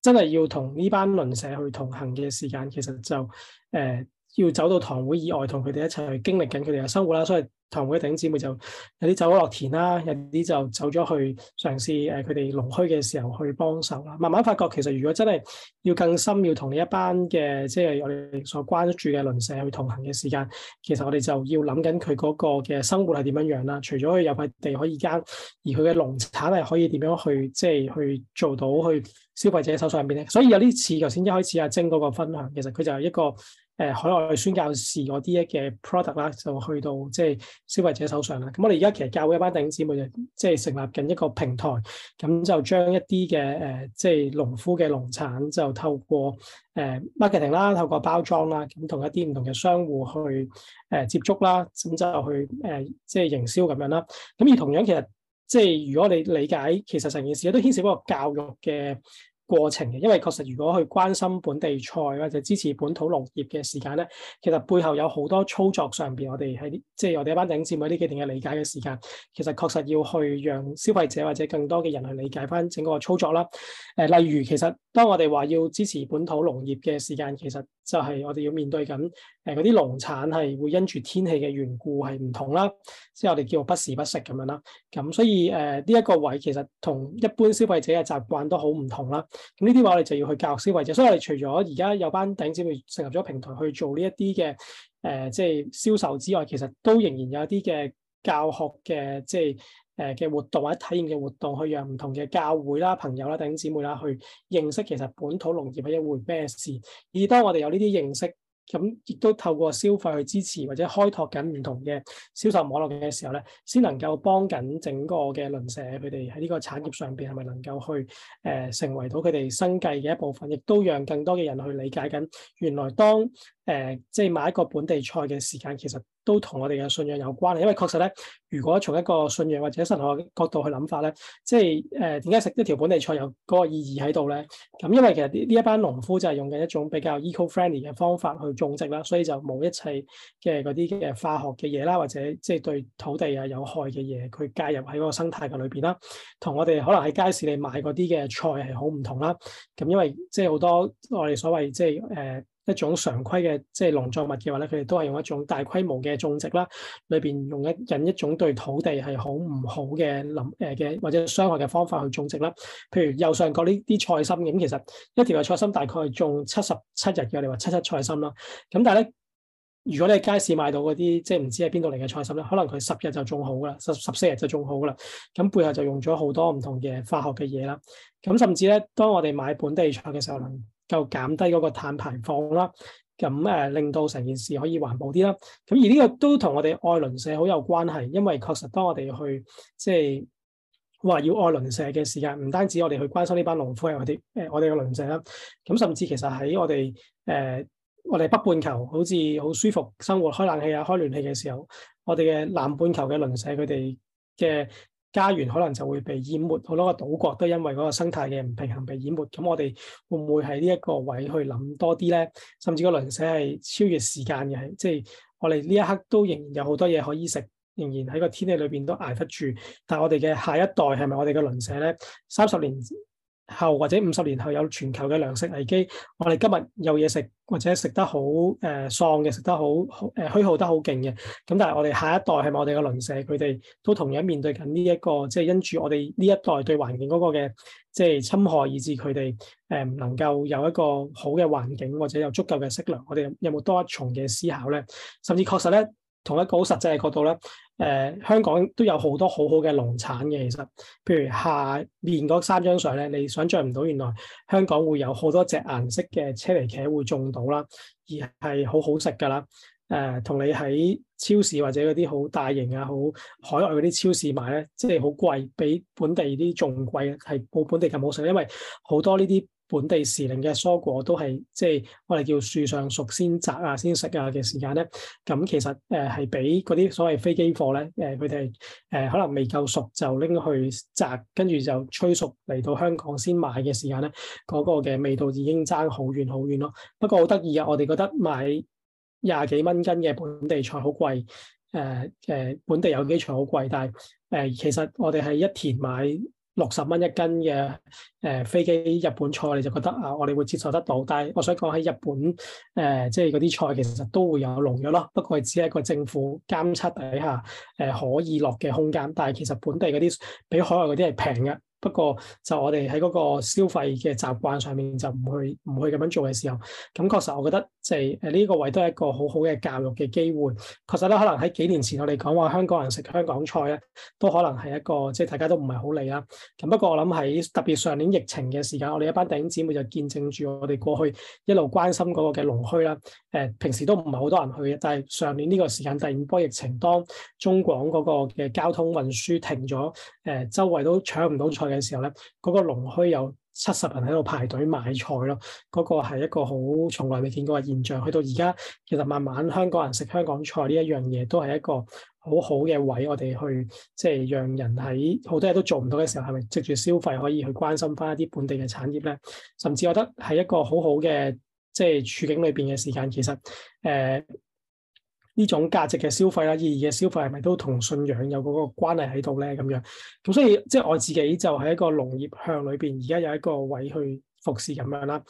真係要同呢班鄰舍去同行嘅時間，其實就誒。呃要走到堂會以外，同佢哋一齊去經歷緊佢哋嘅生活啦。所以堂會弟兄姊妹就有啲走咗落田啦，有啲就走咗去嘗試誒佢哋農墟嘅時候去幫手啦。慢慢發覺其實如果真係要更深，要同你一班嘅即係我哋所關注嘅鄰舍去同行嘅時間，其實我哋就要諗緊佢嗰個嘅生活係點樣樣啦。除咗佢有塊地可以耕，而佢嘅農產係可以點樣去即係去做到去消費者手上邊咧。所以有啲似頭先一開始阿晶嗰個分享，其實佢就係一個。誒海外宣教士嗰啲一嘅 product 啦，就去到即係消費者手上啦。咁我哋而家其實教會一班弟兄姊妹就即係成立緊一個平台，咁就將一啲嘅誒即係農夫嘅農產，就透過誒 marketing 啦，透過包裝啦，咁同一啲唔同嘅商戶去誒接觸啦，咁就去誒即係營銷咁樣啦。咁而同樣其實即係如果你理解，其實成件事都牽涉一個教育嘅。過程嘅，因為確實如果去關心本地菜或者支持本土農業嘅時間咧，其實背後有好多操作上邊，我哋喺即係我哋一班頂尖嗰啲記者嘅理解嘅時間，其實確實要去讓消費者或者更多嘅人去理解翻整個操作啦。誒、呃，例如其實當我哋話要支持本土農業嘅時間，其實。就係我哋要面對緊誒嗰啲農產係會因住天氣嘅緣故係唔同啦，即係我哋叫不時不食咁樣啦。咁所以誒呢一個位其實同一般消費者嘅習慣都好唔同啦。咁呢啲話我哋就要去教消費者。所以我哋除咗而家有班頂尖業成立咗平台去做呢一啲嘅誒即係銷售之外，其實都仍然有啲嘅教學嘅即係。誒嘅活動或者體驗嘅活動，去讓唔同嘅教會啦、朋友啦、弟兄姊妹啦，去認識其實本土農業係一回事咩事。而當我哋有呢啲認識，咁亦都透過消費去支持或者開拓緊唔同嘅銷售網絡嘅時候咧，先能夠幫緊整個嘅鄰舍佢哋喺呢個產業上邊係咪能夠去誒、呃、成為到佢哋生計嘅一部分，亦都讓更多嘅人去理解緊原來當。誒、呃，即係買一個本地菜嘅時間，其實都同我哋嘅信仰有關，因為確實咧，如果從一個信仰或者生態角度去諗法咧，即係誒點解食一條本地菜有嗰個意義喺度咧？咁因為其實呢一班農夫就係用緊一種比較 eco-friendly 嘅方法去種植啦，所以就冇一切嘅嗰啲嘅化學嘅嘢啦，或者即係對土地啊有害嘅嘢，佢介入喺嗰個生態嘅裏邊啦。同我哋可能喺街市你買嗰啲嘅菜係好唔同啦。咁因為即係好多我哋所謂即係誒。呃一種常規嘅即係農作物嘅話咧，佢哋都係用一種大規模嘅種植啦，裏邊用一引一種對土地係好唔好嘅林誒嘅或者傷害嘅方法去種植啦。譬如右上角呢啲菜心，咁其實一條嘅菜心大概種七十七日嘅，你哋話七七菜心啦。咁但係咧，如果你喺街市買到嗰啲即係唔知係邊度嚟嘅菜心咧，可能佢十日就種好噶啦，十十四日就種好噶啦。咁背後就用咗好多唔同嘅化學嘅嘢啦。咁甚至咧，當我哋買本地菜嘅時候，咧，夠減低嗰個碳排放啦，咁誒、啊、令到成件事可以環保啲啦。咁而呢個都同我哋愛鄰舍好有關係，因為確實當我哋去即係話要愛鄰舍嘅時間，唔單止我哋去關心呢班農夫我，我哋誒我哋嘅鄰舍啦。咁、嗯、甚至其實喺我哋誒、呃、我哋北半球好似好舒服生活，開冷氣啊，開暖氣嘅時候，我哋嘅南半球嘅鄰舍佢哋嘅。家園可能就會被淹沒，好多個島國都因為嗰個生態嘅唔平衡被淹沒。咁我哋會唔會喺呢一個位去諗多啲咧？甚至個鄰舍係超越時間嘅，即係我哋呢一刻都仍然有好多嘢可以食，仍然喺個天氣裏邊都捱得住。但係我哋嘅下一代係咪我哋嘅鄰舍咧？三十年後或者五十年後有全球嘅糧食危機，我哋今日有嘢食或者食得好誒喪嘅，食得好誒虛耗得好勁嘅，咁但係我哋下一代係咪我哋嘅鄰舍，佢哋都同樣面對緊呢一個，即係因住我哋呢一代對環境嗰個嘅即係侵害，以致佢哋誒唔能夠有一個好嘅環境，或者有足夠嘅食糧。我哋有冇多一重嘅思考咧？甚至確實咧。同一個好實際嘅角度咧，誒、呃、香港都有很多很好多好好嘅農產嘅，其實，譬如下面嗰三張相咧，你想象唔到原來香港會有好多隻顏色嘅車厘茄會種到啦，而係好好食噶啦，誒、呃、同你喺超市或者嗰啲好大型啊、好海外嗰啲超市買咧，即係好貴，比本地啲仲貴，係冇本地咁好食，因為好多呢啲。本地時令嘅蔬果都係即係我哋叫樹上熟先摘啊，先食啊嘅時間咧，咁其實誒係比嗰啲所謂飛機貨咧，誒佢哋誒可能未夠熟就拎去摘，跟住就催熟嚟到香港先買嘅時間咧，嗰個嘅味道已經差好遠好遠咯。不過好得意啊，我哋覺得買廿幾蚊斤嘅本地菜好貴，誒誒本地有機菜好貴，但係誒其實我哋係一田買。六十蚊一斤嘅誒飛機日本菜，你就覺得啊，我哋會接受得到。但係我想講喺日本誒、呃，即係嗰啲菜其實都會有農藥咯，不過係只係一個政府監測底下誒、呃、可以落嘅空間。但係其實本地嗰啲比海外嗰啲係平嘅。不過就我哋喺嗰個消費嘅習慣上面就唔去唔去咁樣做嘅時候，咁確實我覺得即係誒呢個位都係一個好好嘅教育嘅機會。確實咧，可能喺幾年前我哋講話香港人食香港菜咧，都可能係一個即係大家都唔係好理啦。咁不過我諗喺特別上年疫情嘅時間，我哋一班弟兄姊妹就見證住我哋過去一路關心嗰個嘅農墟啦。誒、呃、平時都唔係好多人去嘅，但係上年呢個時間第五波疫情，當中港嗰個嘅交通運輸停咗，誒、呃、周圍都搶唔到菜，嘅時候咧，嗰、那個龍墟有七十人喺度排隊買菜咯，嗰、那個係一個好從來未見過嘅現象。去到而家，其實慢慢香港人食香港菜呢一樣嘢，都係一個好好嘅位，我，我哋去即係讓人喺好多嘢都做唔到嘅時候，係咪藉住消費可以去關心返一啲本地嘅產業咧？甚至我覺得係一個好好嘅即係處境裏邊嘅時間，其實誒。呃呢種價值嘅消費啦，意義嘅消費係咪都同信仰有嗰個關係喺度咧？咁樣，咁所以即係我自己就喺一個農業向裏邊，而家有一個位去服侍咁樣啦。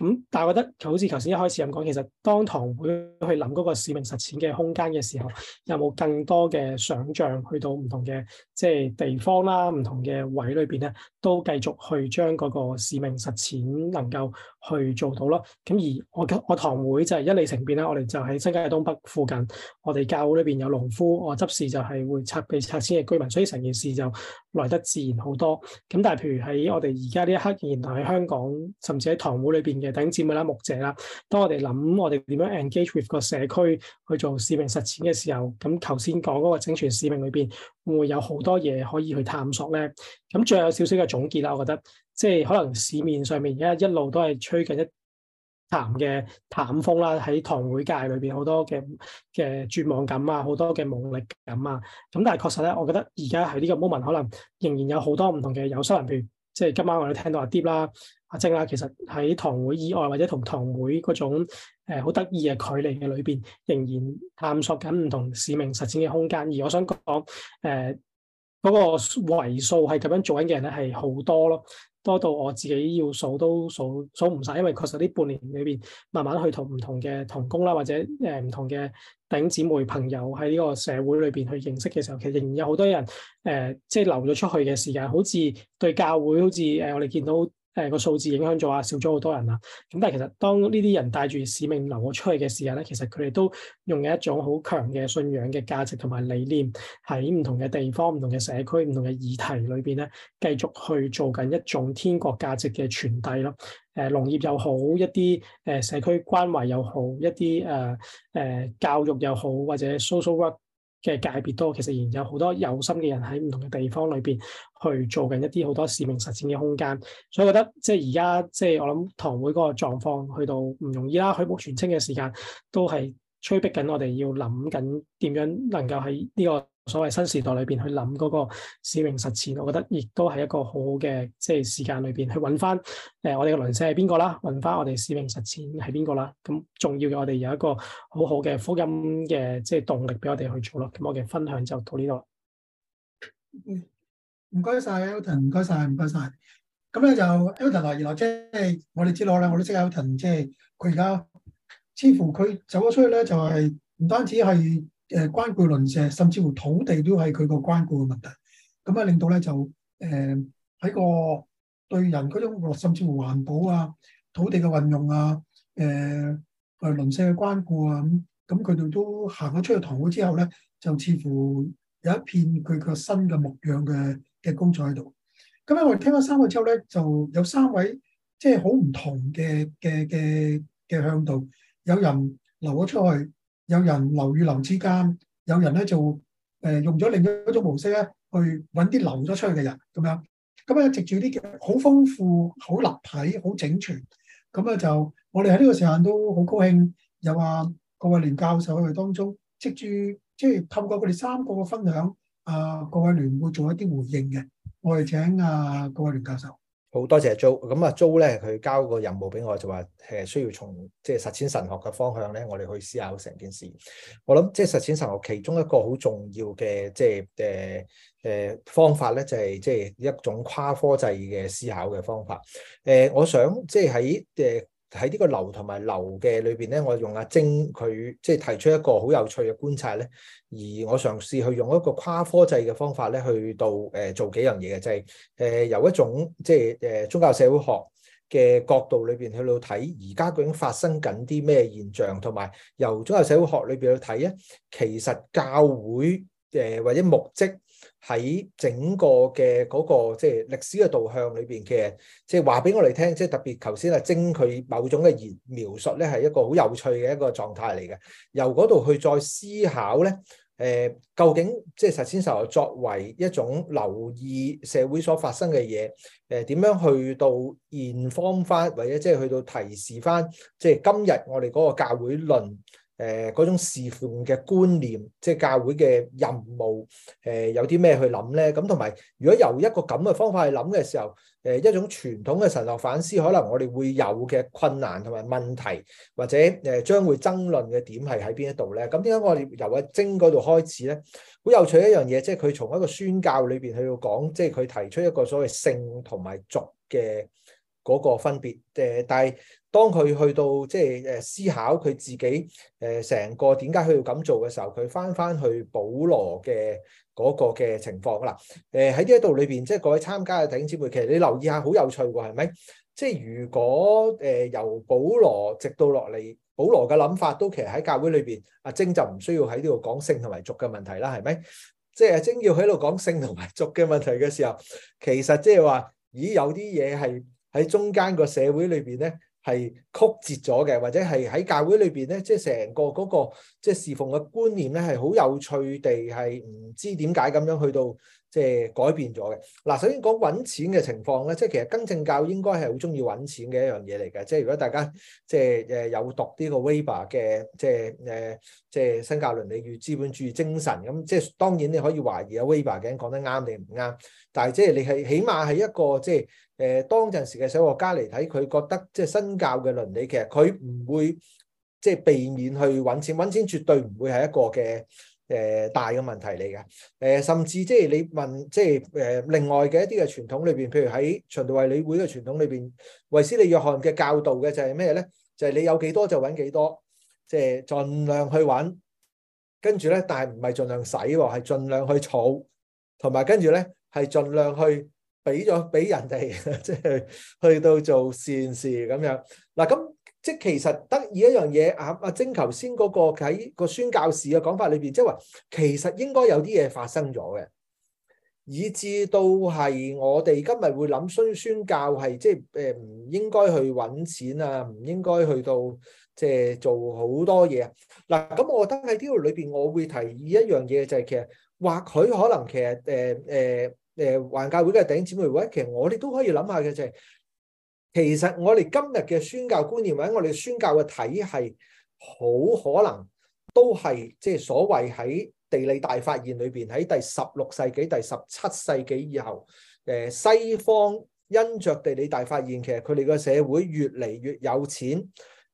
咁但係我覺得，就好似頭先一開始咁講，其實當堂會去諗嗰個使命實踐嘅空間嘅時候，有冇更多嘅想像去到唔同嘅即係地方啦、唔同嘅位裏邊咧，都繼續去將嗰個使命實踐能夠去做到咯。咁而我我堂會就係一理成變啦，我哋就喺新界東北附近，我哋教會裏邊有農夫，我執事就係會拆被拆遷嘅居民，所以成件事就來得自然好多。咁但係譬如喺我哋而家呢一刻，現時喺香港甚至喺堂會裏邊嘅。頂節目啦，牧者啦。當我哋諗我哋點樣 engage with 個社區去做使命實踐嘅時候，咁頭先講嗰個整全使命裏邊，會有好多嘢可以去探索咧。咁最後有少少嘅總結啦，我覺得即係可能市面上面而家一路都係吹緊一潭嘅淡風啦。喺堂會界裏邊，好多嘅嘅絕望感啊，好多嘅無力感啊。咁但係確實咧，我覺得而家喺呢個 moment，可能仍然有好多唔同嘅有收人羣。即係今晚我都聽到阿 Dip 啦、阿晶啦，其實喺堂會以外或者同堂會嗰種好得意嘅距離嘅裏邊，仍然探索緊唔同使命實踐嘅空間。而我想講誒，呃嗰個為數係咁樣做緊嘅人咧，係好多咯，多到我自己要數都數數唔晒，因為確實呢半年裏邊，慢慢去同唔同嘅同工啦，或者誒唔同嘅頂姊妹朋友喺呢個社會裏邊去認識嘅時候，其實仍然有好多人誒，即係流咗出去嘅時間，好似對教會好似誒，我哋見到。誒，個數字影響咗啊，少咗好多人啦。咁但係其實當呢啲人帶住使命流我出去嘅時候咧，其實佢哋都用嘅一種好強嘅信仰嘅價值同埋理念，喺唔同嘅地方、唔同嘅社區、唔同嘅議題裏邊咧，繼續去做緊一種天國價值嘅傳遞咯。誒、呃，農業又好，一啲誒社區關懷又好，一啲誒誒教育又好，或者 social work。嘅界別多，其實仍然有好多有心嘅人喺唔同嘅地方裏邊去做緊一啲好多使命實踐嘅空間，所以我覺得即係而家即係我諗堂會嗰個狀況去到唔容易啦，虛無全清嘅時間都係催逼緊我哋要諗緊點樣能夠喺呢個所謂新時代裏邊去諗嗰個使命實踐，我覺得亦都係一個好好嘅即係時間裏邊去揾翻誒我哋嘅鄰舍係邊個啦，揾翻我哋使命實踐係邊個啦。咁重要嘅我哋有一個好好嘅福音嘅即係動力俾我哋去做咯。咁我嘅分享就到呢度。唔該晒，Elton，唔該晒，唔該晒。咁咧就 Elton 來，原來即係我哋知道啦，我都識 Elton，即係佢而家似乎佢走咗出去咧，就係唔單止係。.誒關顧鄰舍，甚至乎土地都係佢個關顧嘅問題，咁啊，令到咧就誒喺、呃、個對人嗰種，甚至乎環保啊、土地嘅運用啊、誒、呃、誒鄰舍嘅關顧啊，咁咁佢哋都行咗出去堂會之後咧，就似乎有一片佢個新嘅牧養嘅嘅工作喺度。咁啊，我哋聽咗三位之後咧，就有三位即係好唔同嘅嘅嘅嘅向度，有人流咗出去。有人留與流之間，有人咧就誒用咗另一嗰種模式咧，去揾啲流咗出嚟嘅人咁樣。咁咧，藉住啲好豐富、好立體、好整全，咁咧就我哋喺呢個時間都好高興，有啊郭偉聯教授喺度當中，藉住即係透過佢哋三個嘅分享，啊郭偉聯會做一啲回應嘅，我哋請啊郭偉聯教授。好多謝 Jo，咁啊 Jo 咧，佢交個任務俾我就，就話誒需要從即係實踐神學嘅方向咧，我哋去思考成件事。我諗即係實踐神學其中一個好重要嘅即係誒誒方法咧，就係、是、即係一種跨科際嘅思考嘅方法。誒、呃，我想即係喺誒。呃喺呢個留同埋流嘅裏邊咧，我用阿晶佢即係提出一個好有趣嘅觀察咧，而我嘗試去用一個跨科際嘅方法咧，去到誒做幾樣嘢嘅，就係、是、誒、呃、由一種即係誒、呃、宗教社會學嘅角度裏邊去到睇而家究竟發生緊啲咩現象，同埋由宗教社會學裏邊去睇咧，其實教會誒、呃、或者目的。喺整個嘅嗰、那個即係歷史嘅導向裏邊，嘅，即係話俾我哋聽，即係特別頭先啊，徵佢某種嘅言描述咧，係一個好有趣嘅一個狀態嚟嘅。由嗰度去再思考咧，誒、呃、究竟即係實踐神學作為一種留意社會所發生嘅嘢，誒、呃、點樣去到驗方翻，或者即係去到提示翻，即係今日我哋嗰個教會論。誒嗰、呃、種視範嘅觀念，即係教會嘅任務，誒、呃、有啲咩去諗咧？咁同埋，如果由一個咁嘅方法去諗嘅時候，誒、呃、一種傳統嘅神學反思，可能我哋會有嘅困難同埋問題，或者誒、呃、將會爭論嘅點係喺邊一度咧？咁點解我哋由阿精嗰度開始咧？好有趣一樣嘢，即係佢從一個宣教裏邊去講，即係佢提出一個所謂「聖」同埋「俗」嘅。嗰個分別，誒、呃，但係當佢去到即係誒思考佢自己誒成、呃、個點解佢要咁做嘅時候，佢返返去保羅嘅嗰個嘅情況啦。誒喺呢一度裏邊，即係各位參加嘅弟兄姊妹，其實你留意下好有趣喎，係咪？即係如果誒、呃、由保羅直到落嚟，保羅嘅諗法都其實喺教會裏邊，阿晶就唔需要喺呢度講聖同埋俗嘅問題啦，係咪？即係阿晶要喺度講聖同埋俗嘅問題嘅時候，其實即係話，咦有啲嘢係。喺中間個社會裏邊咧，係曲折咗嘅，或者係喺教會裏邊咧，即係成個嗰個即係侍奉嘅觀念咧，係好有趣地係唔知點解咁樣去到。即係改變咗嘅嗱，首先講揾錢嘅情況咧，即係其實更正教應該係好中意揾錢嘅一樣嘢嚟嘅。即係如果大家即係誒有讀呢個 Weber 嘅即係誒即係新教倫理與資本主義精神咁，即係當然你可以懷疑啊 Weber 嘅人講得啱定唔啱，但係即係你係起碼係一個即係誒當陣時嘅社會學家嚟睇，佢覺得即係新教嘅倫理其實佢唔會即係避免去揾錢，揾錢絕對唔會係一個嘅。誒大嘅問題嚟嘅，誒甚至即係你問，即係誒另外嘅一啲嘅傳統裏邊，譬如喺循道衞理會嘅傳統裏邊，衛斯理約翰嘅教導嘅就係咩咧？就係你有幾多就揾幾多，即係盡量去揾，跟住咧，但係唔係盡量使，係盡量去儲，同埋跟住咧係盡量去俾咗俾人哋，即係去到做善事咁樣。嗱咁。即係其實得意一樣嘢，阿阿晶頭先嗰個喺個宣教士嘅講法裏邊，即係話其實應該有啲嘢發生咗嘅，以致到係我哋今日會諗宣宣教係即係誒唔應該去揾錢啊，唔應該去到即係做好多嘢啊。嗱咁，我覺得喺呢度裏邊，我會提議一樣嘢，就係其實或許可能其實誒誒誒環教會嘅頂姊妹會，其實我哋都可以諗下嘅就係。其實我哋今日嘅宣教觀念或者我哋宣教嘅體系，好可能都係即係所謂喺地理大發現裏邊，喺第十六世紀、第十七世紀以後，誒，西方因着地理大發現，其實佢哋個社會越嚟越有錢，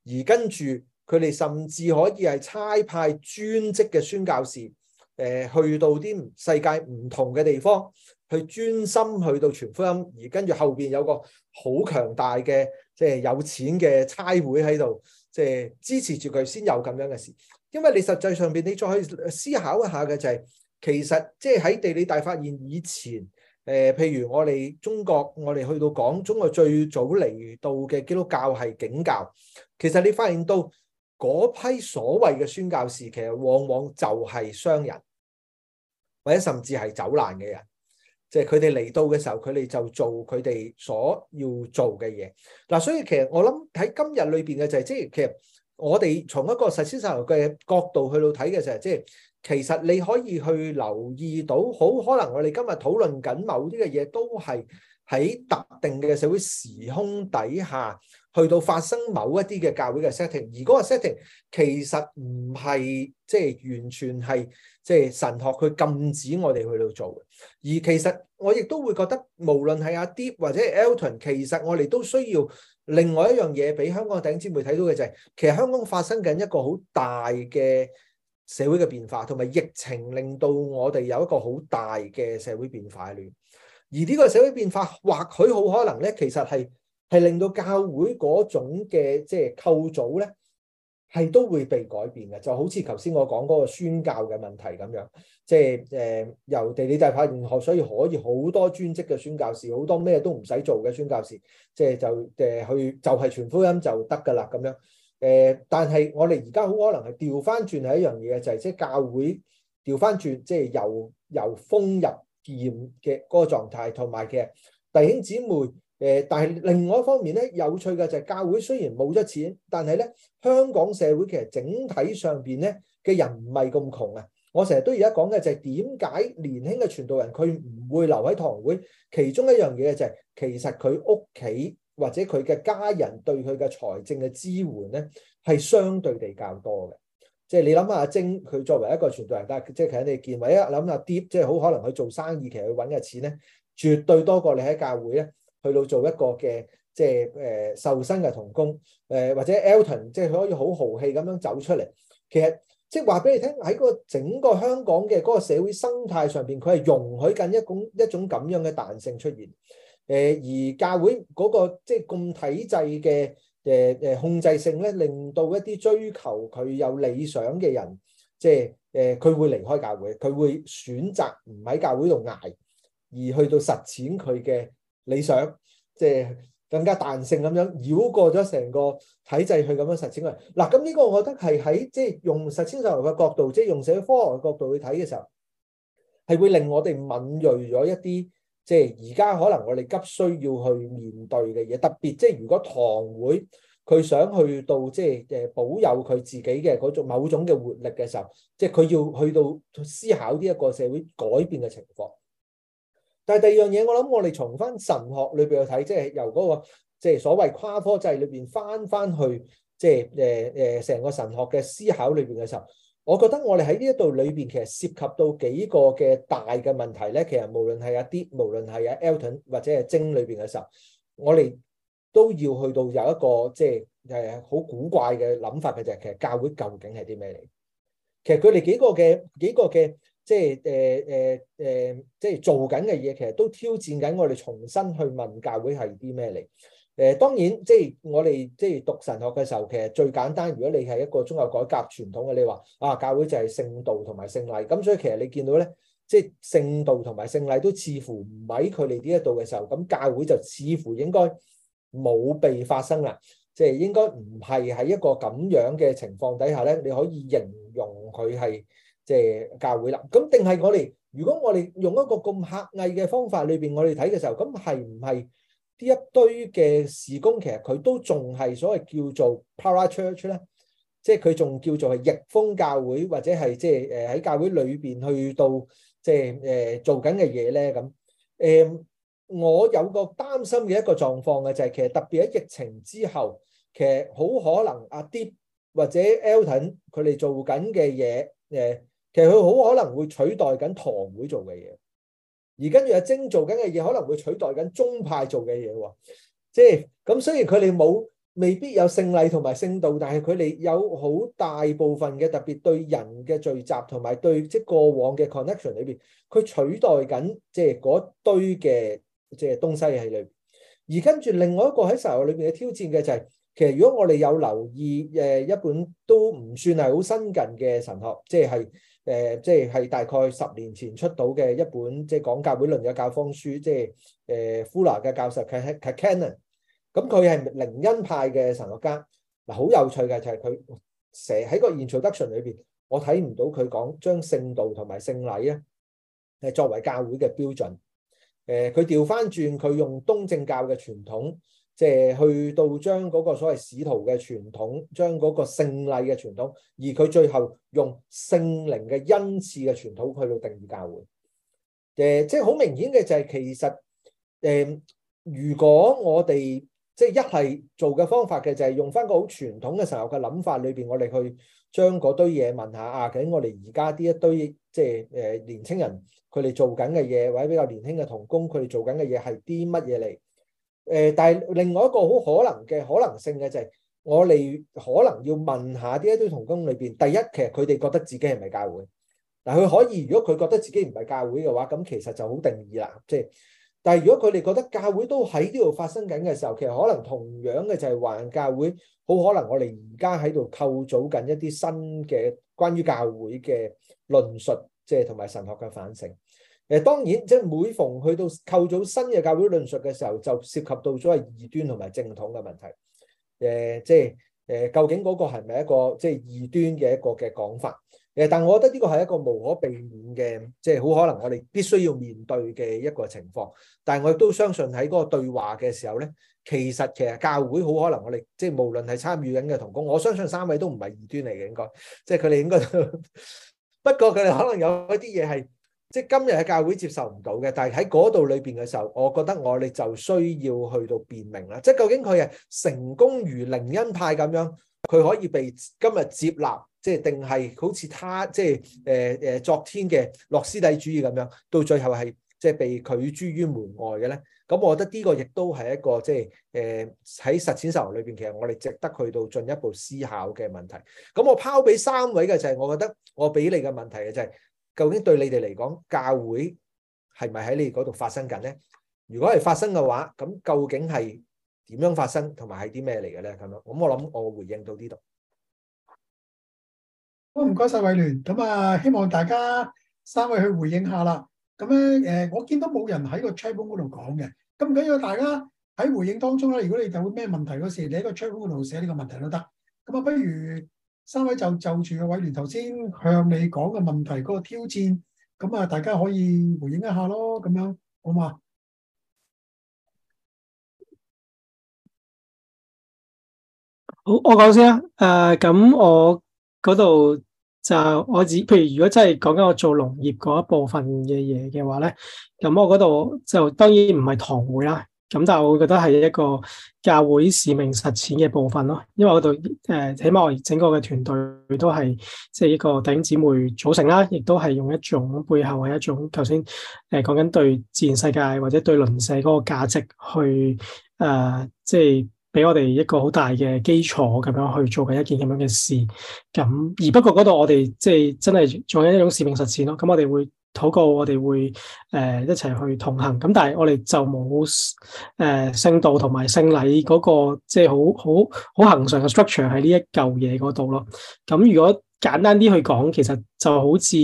而跟住佢哋甚至可以係差派專職嘅宣教士，誒，去到啲世界唔同嘅地方。去專心去到全福音，而跟住後邊有個好強大嘅，即係有錢嘅差會喺度，即係支持住佢先有咁樣嘅事。因為你實際上邊，你再去思考一下嘅就係，其實即係喺地理大發現以前，誒，譬如我哋中國，我哋去到港，中國最早嚟到嘅基督教係景教。其實你發現到嗰批所謂嘅宣教士，其實往往就係商人，或者甚至係走難嘅人。即係佢哋嚟到嘅時候，佢哋就做佢哋所要做嘅嘢。嗱、啊，所以其實我諗喺今日裏邊嘅就係、是，即、就、係、是、其實我哋從一個實施細流嘅角度去到睇嘅就係，即係其實你可以去留意到，好可能我哋今日討論緊某啲嘅嘢都係喺特定嘅社會時空底下。去到發生某一啲嘅教會嘅 setting，而嗰個 setting 其實唔係即係完全係即係神學佢禁止我哋去到做嘅。而其實我亦都會覺得，無論係阿 Deep 或者 Elton，其實我哋都需要另外一樣嘢俾香港嘅頂尖媒體睇到嘅就係、是，其實香港發生緊一個好大嘅社會嘅變化，同埋疫情令到我哋有一個好大嘅社會變化。而呢個社會變化，或許好可能咧，其實係。係令到教會嗰種嘅即係構組咧，係都會被改變嘅。就好似頭先我講嗰個宣教嘅問題咁樣，即係誒、呃、由地理大發現後，所以可以好多專職嘅宣教士，好多咩都唔使做嘅宣教士，即係就誒去、呃、就係傳福音就得噶啦咁樣。誒、呃，但係我哋而家好可能係調翻轉係一樣嘢，就係即係教會調翻轉，即係由由豐入儉嘅嗰個狀態，同埋其實弟兄姊妹。誒，但係另外一方面咧，有趣嘅就係教會雖然冇咗錢，但係咧香港社會其實整體上面咧嘅人唔係咁窮啊！我成日都而家講嘅就係點解年輕嘅傳道人佢唔會留喺堂會？其中一樣嘢就係、是、其實佢屋企或者佢嘅家人對佢嘅財政嘅支援咧係相對地較多嘅。即係你諗下、啊，阿晶佢作為一個傳道人，但係即係喺你見位啊，諗下啲即係好可能佢做生意其實揾嘅錢咧，絕對多過你喺教會咧。去到做一個嘅即係誒受薪嘅同工，誒、呃、或者 Elton，即係佢可以好豪氣咁樣走出嚟。其實即係話俾你聽，喺嗰整個香港嘅嗰個社會生態上邊，佢係容許緊一種一種咁樣嘅彈性出現。誒、呃、而教會嗰、那個即係、就是、共體制嘅誒誒控制性咧，令到一啲追求佢有理想嘅人，即係誒佢會離開教會，佢會選擇唔喺教會度捱，而去到實踐佢嘅。理想即係更加彈性咁樣繞過咗成個體制去咁樣實踐佢。嗱，咁呢個我覺得係喺即係用實踐上嚟嘅角度，即係用社會科學嘅角度去睇嘅時候，係會令我哋敏銳咗一啲，即係而家可能我哋急需要去面對嘅嘢。特別即係如果堂會佢想去到即係誒保有佢自己嘅嗰種某種嘅活力嘅時候，即係佢要去到思考呢一個社會改變嘅情況。但係第二樣嘢，我諗我哋從翻神學裏邊去睇，即係由嗰個即係所謂跨科制裏邊翻翻去，即係誒誒成個神學嘅思考裏邊嘅時候，我覺得我哋喺呢一度裏邊其實涉及到幾個嘅大嘅問題咧。其實無論係 Deep，無論係阿 Elton 或者係精裏邊嘅時候，我哋都要去到有一個即係誒好古怪嘅諗法嘅，就係其實教會究竟係啲咩嚟？其實佢哋幾個嘅幾個嘅。即係誒誒誒，即係做緊嘅嘢，其實都挑戰緊我哋重新去問教會係啲咩嚟？誒、呃、當然，即係我哋即係讀神學嘅時候，其實最簡單。如果你係一個宗教改革傳統嘅，你話啊，教會就係聖道同埋聖禮。咁所以其實你見到咧，即係聖道同埋聖禮都似乎唔喺佢哋呢一度嘅時候，咁教會就似乎應該冇被發生啦。即係應該唔係喺一個咁樣嘅情況底下咧，你可以形容佢係。即係教會啦，咁定係我哋？如果我哋用一個咁客觀嘅方法裏邊，我哋睇嘅時候，咁係唔係呢一堆嘅事工，其實佢都仲係所謂叫做 para church 咧？即係佢仲叫做係逆風教會，或者係即係誒喺教會裏邊去到即係誒做緊嘅嘢咧？咁誒，我有個擔心嘅一個狀況嘅就係，其實特別喺疫情之後，其實好可能阿 Deep 或者 Elton 佢哋做緊嘅嘢誒。其實佢好可能會取代緊堂會做嘅嘢，而跟住阿晶做緊嘅嘢可能會取代緊宗派做嘅嘢喎。即係咁，雖然佢哋冇未必有聖禮同埋聖道，但係佢哋有好大部分嘅特別對人嘅聚集同埋對即係過往嘅 connection 裏邊，佢取代緊即係嗰堆嘅即係東西喺裏邊。而跟住另外一個喺神學裏邊嘅挑戰嘅就係，其實如果我哋有留意誒一本都唔算係好新近嘅神學，即係係。誒、呃，即係係大概十年前出到嘅一本，即係講教會論嘅教科書，即係誒 Fuller 嘅教授，佢係 Canon，咁、嗯、佢係靈恩派嘅神學家。嗱、呃，好有趣嘅就係佢寫喺個 Introduction 裏邊，我睇唔到佢講將聖道同埋聖禮咧，係作為教會嘅標準。誒、呃，佢調翻轉，佢用東正教嘅傳統。即係去到將嗰個所謂使徒嘅傳統，將嗰個聖禮嘅傳統，而佢最後用聖靈嘅恩賜嘅傳統去到定義教會。誒、呃，即係好明顯嘅就係其實誒、呃，如果我哋即係一係做嘅方法嘅就係、是、用翻個好傳統嘅時候嘅諗法裏邊，我哋去將嗰堆嘢問下啊，究竟我哋而家啲一堆即係誒、呃、年青人佢哋做緊嘅嘢，或者比較年輕嘅童工佢哋做緊嘅嘢係啲乜嘢嚟？誒，但係另外一個好可能嘅可能性嘅就係我哋可能要問下啲一堆同工裏邊，第一其實佢哋覺得自己係咪教會？但佢可以，如果佢覺得自己唔係教會嘅話，咁其實就好定義啦。即係，但係如果佢哋覺得教會都喺呢度發生緊嘅時候，其實可能同樣嘅就係話教會好可能我哋而家喺度構組緊一啲新嘅關於教會嘅論述，即係同埋神學嘅反省。誒，當然，即係每逢去到構造新嘅教會論述嘅時候，就涉及到所謂異端同埋正統嘅問題。誒、呃，即係誒、呃，究竟嗰個係咪一個即係異端嘅一個嘅講法？誒、呃，但我覺得呢個係一個無可避免嘅，即係好可能我哋必須要面對嘅一個情況。但係我亦都相信喺嗰個對話嘅時候咧，其實其實教會好可能我哋即係無論係參與緊嘅同工，我相信三位都唔係異端嚟嘅，應該即係佢哋應該。 不過佢哋可能有一啲嘢係。即係今日嘅教會接受唔到嘅，但係喺嗰度裏邊嘅時候，我覺得我哋就需要去到辨明啦。即係究竟佢係成功如靈恩派咁樣，佢可以被今日接納，即係定係好似他即係誒、誒、昨天嘅諾斯底主義咁樣，到最後係即係被拒諸於門外嘅咧？咁我覺得呢個亦都係一個即係誒喺實踐受行裏邊，其實我哋值得去到進一步思考嘅問題。咁我拋俾三位嘅就係、是，我覺得我俾你嘅問題嘅就係、是。究竟對你哋嚟講，教會係咪喺你嗰度發生緊咧？如果係發生嘅話，咁究竟係點樣發生，同埋係啲咩嚟嘅咧？咁樣，咁我諗我會回應到呢度。好唔該晒偉聯，咁啊，希望大家三位去回應下啦。咁咧，誒，我見到冇人喺個 chat room 嗰度講嘅，咁唔緊要，大家喺回應當中咧。如果你有咩問題嗰時，你喺個 chat room 嗰度寫呢個問題都得。咁啊，不如。三位就就住阿偉聯頭先向你講嘅問題嗰個挑戰，咁啊大家可以回應一下咯，咁樣好嘛？好，我講先啊。誒，咁我嗰度就我自，譬如如果真係講緊我做農業嗰一部分嘅嘢嘅話咧，咁我嗰度就當然唔係堂會啦。咁但係我會覺得係一個教會使命實踐嘅部分咯，因為我度誒起碼我整個嘅團隊都係即係呢個弟兄姊妹組成啦，亦都係用一種背後係一種頭先誒講緊對自然世界或者對鄰舍嗰個價值去誒即係俾我哋一個好大嘅基礎咁樣去做嘅一件咁樣嘅事。咁而不過嗰度我哋即係真係做緊一種使命實踐咯。咁我哋會。好過我哋會誒、呃、一齊去同行，咁但係我哋就冇誒聖道同埋聖禮嗰個即係好好好恒常嘅 structure 喺呢一舊嘢嗰度咯。咁如果簡單啲去講，其實就好似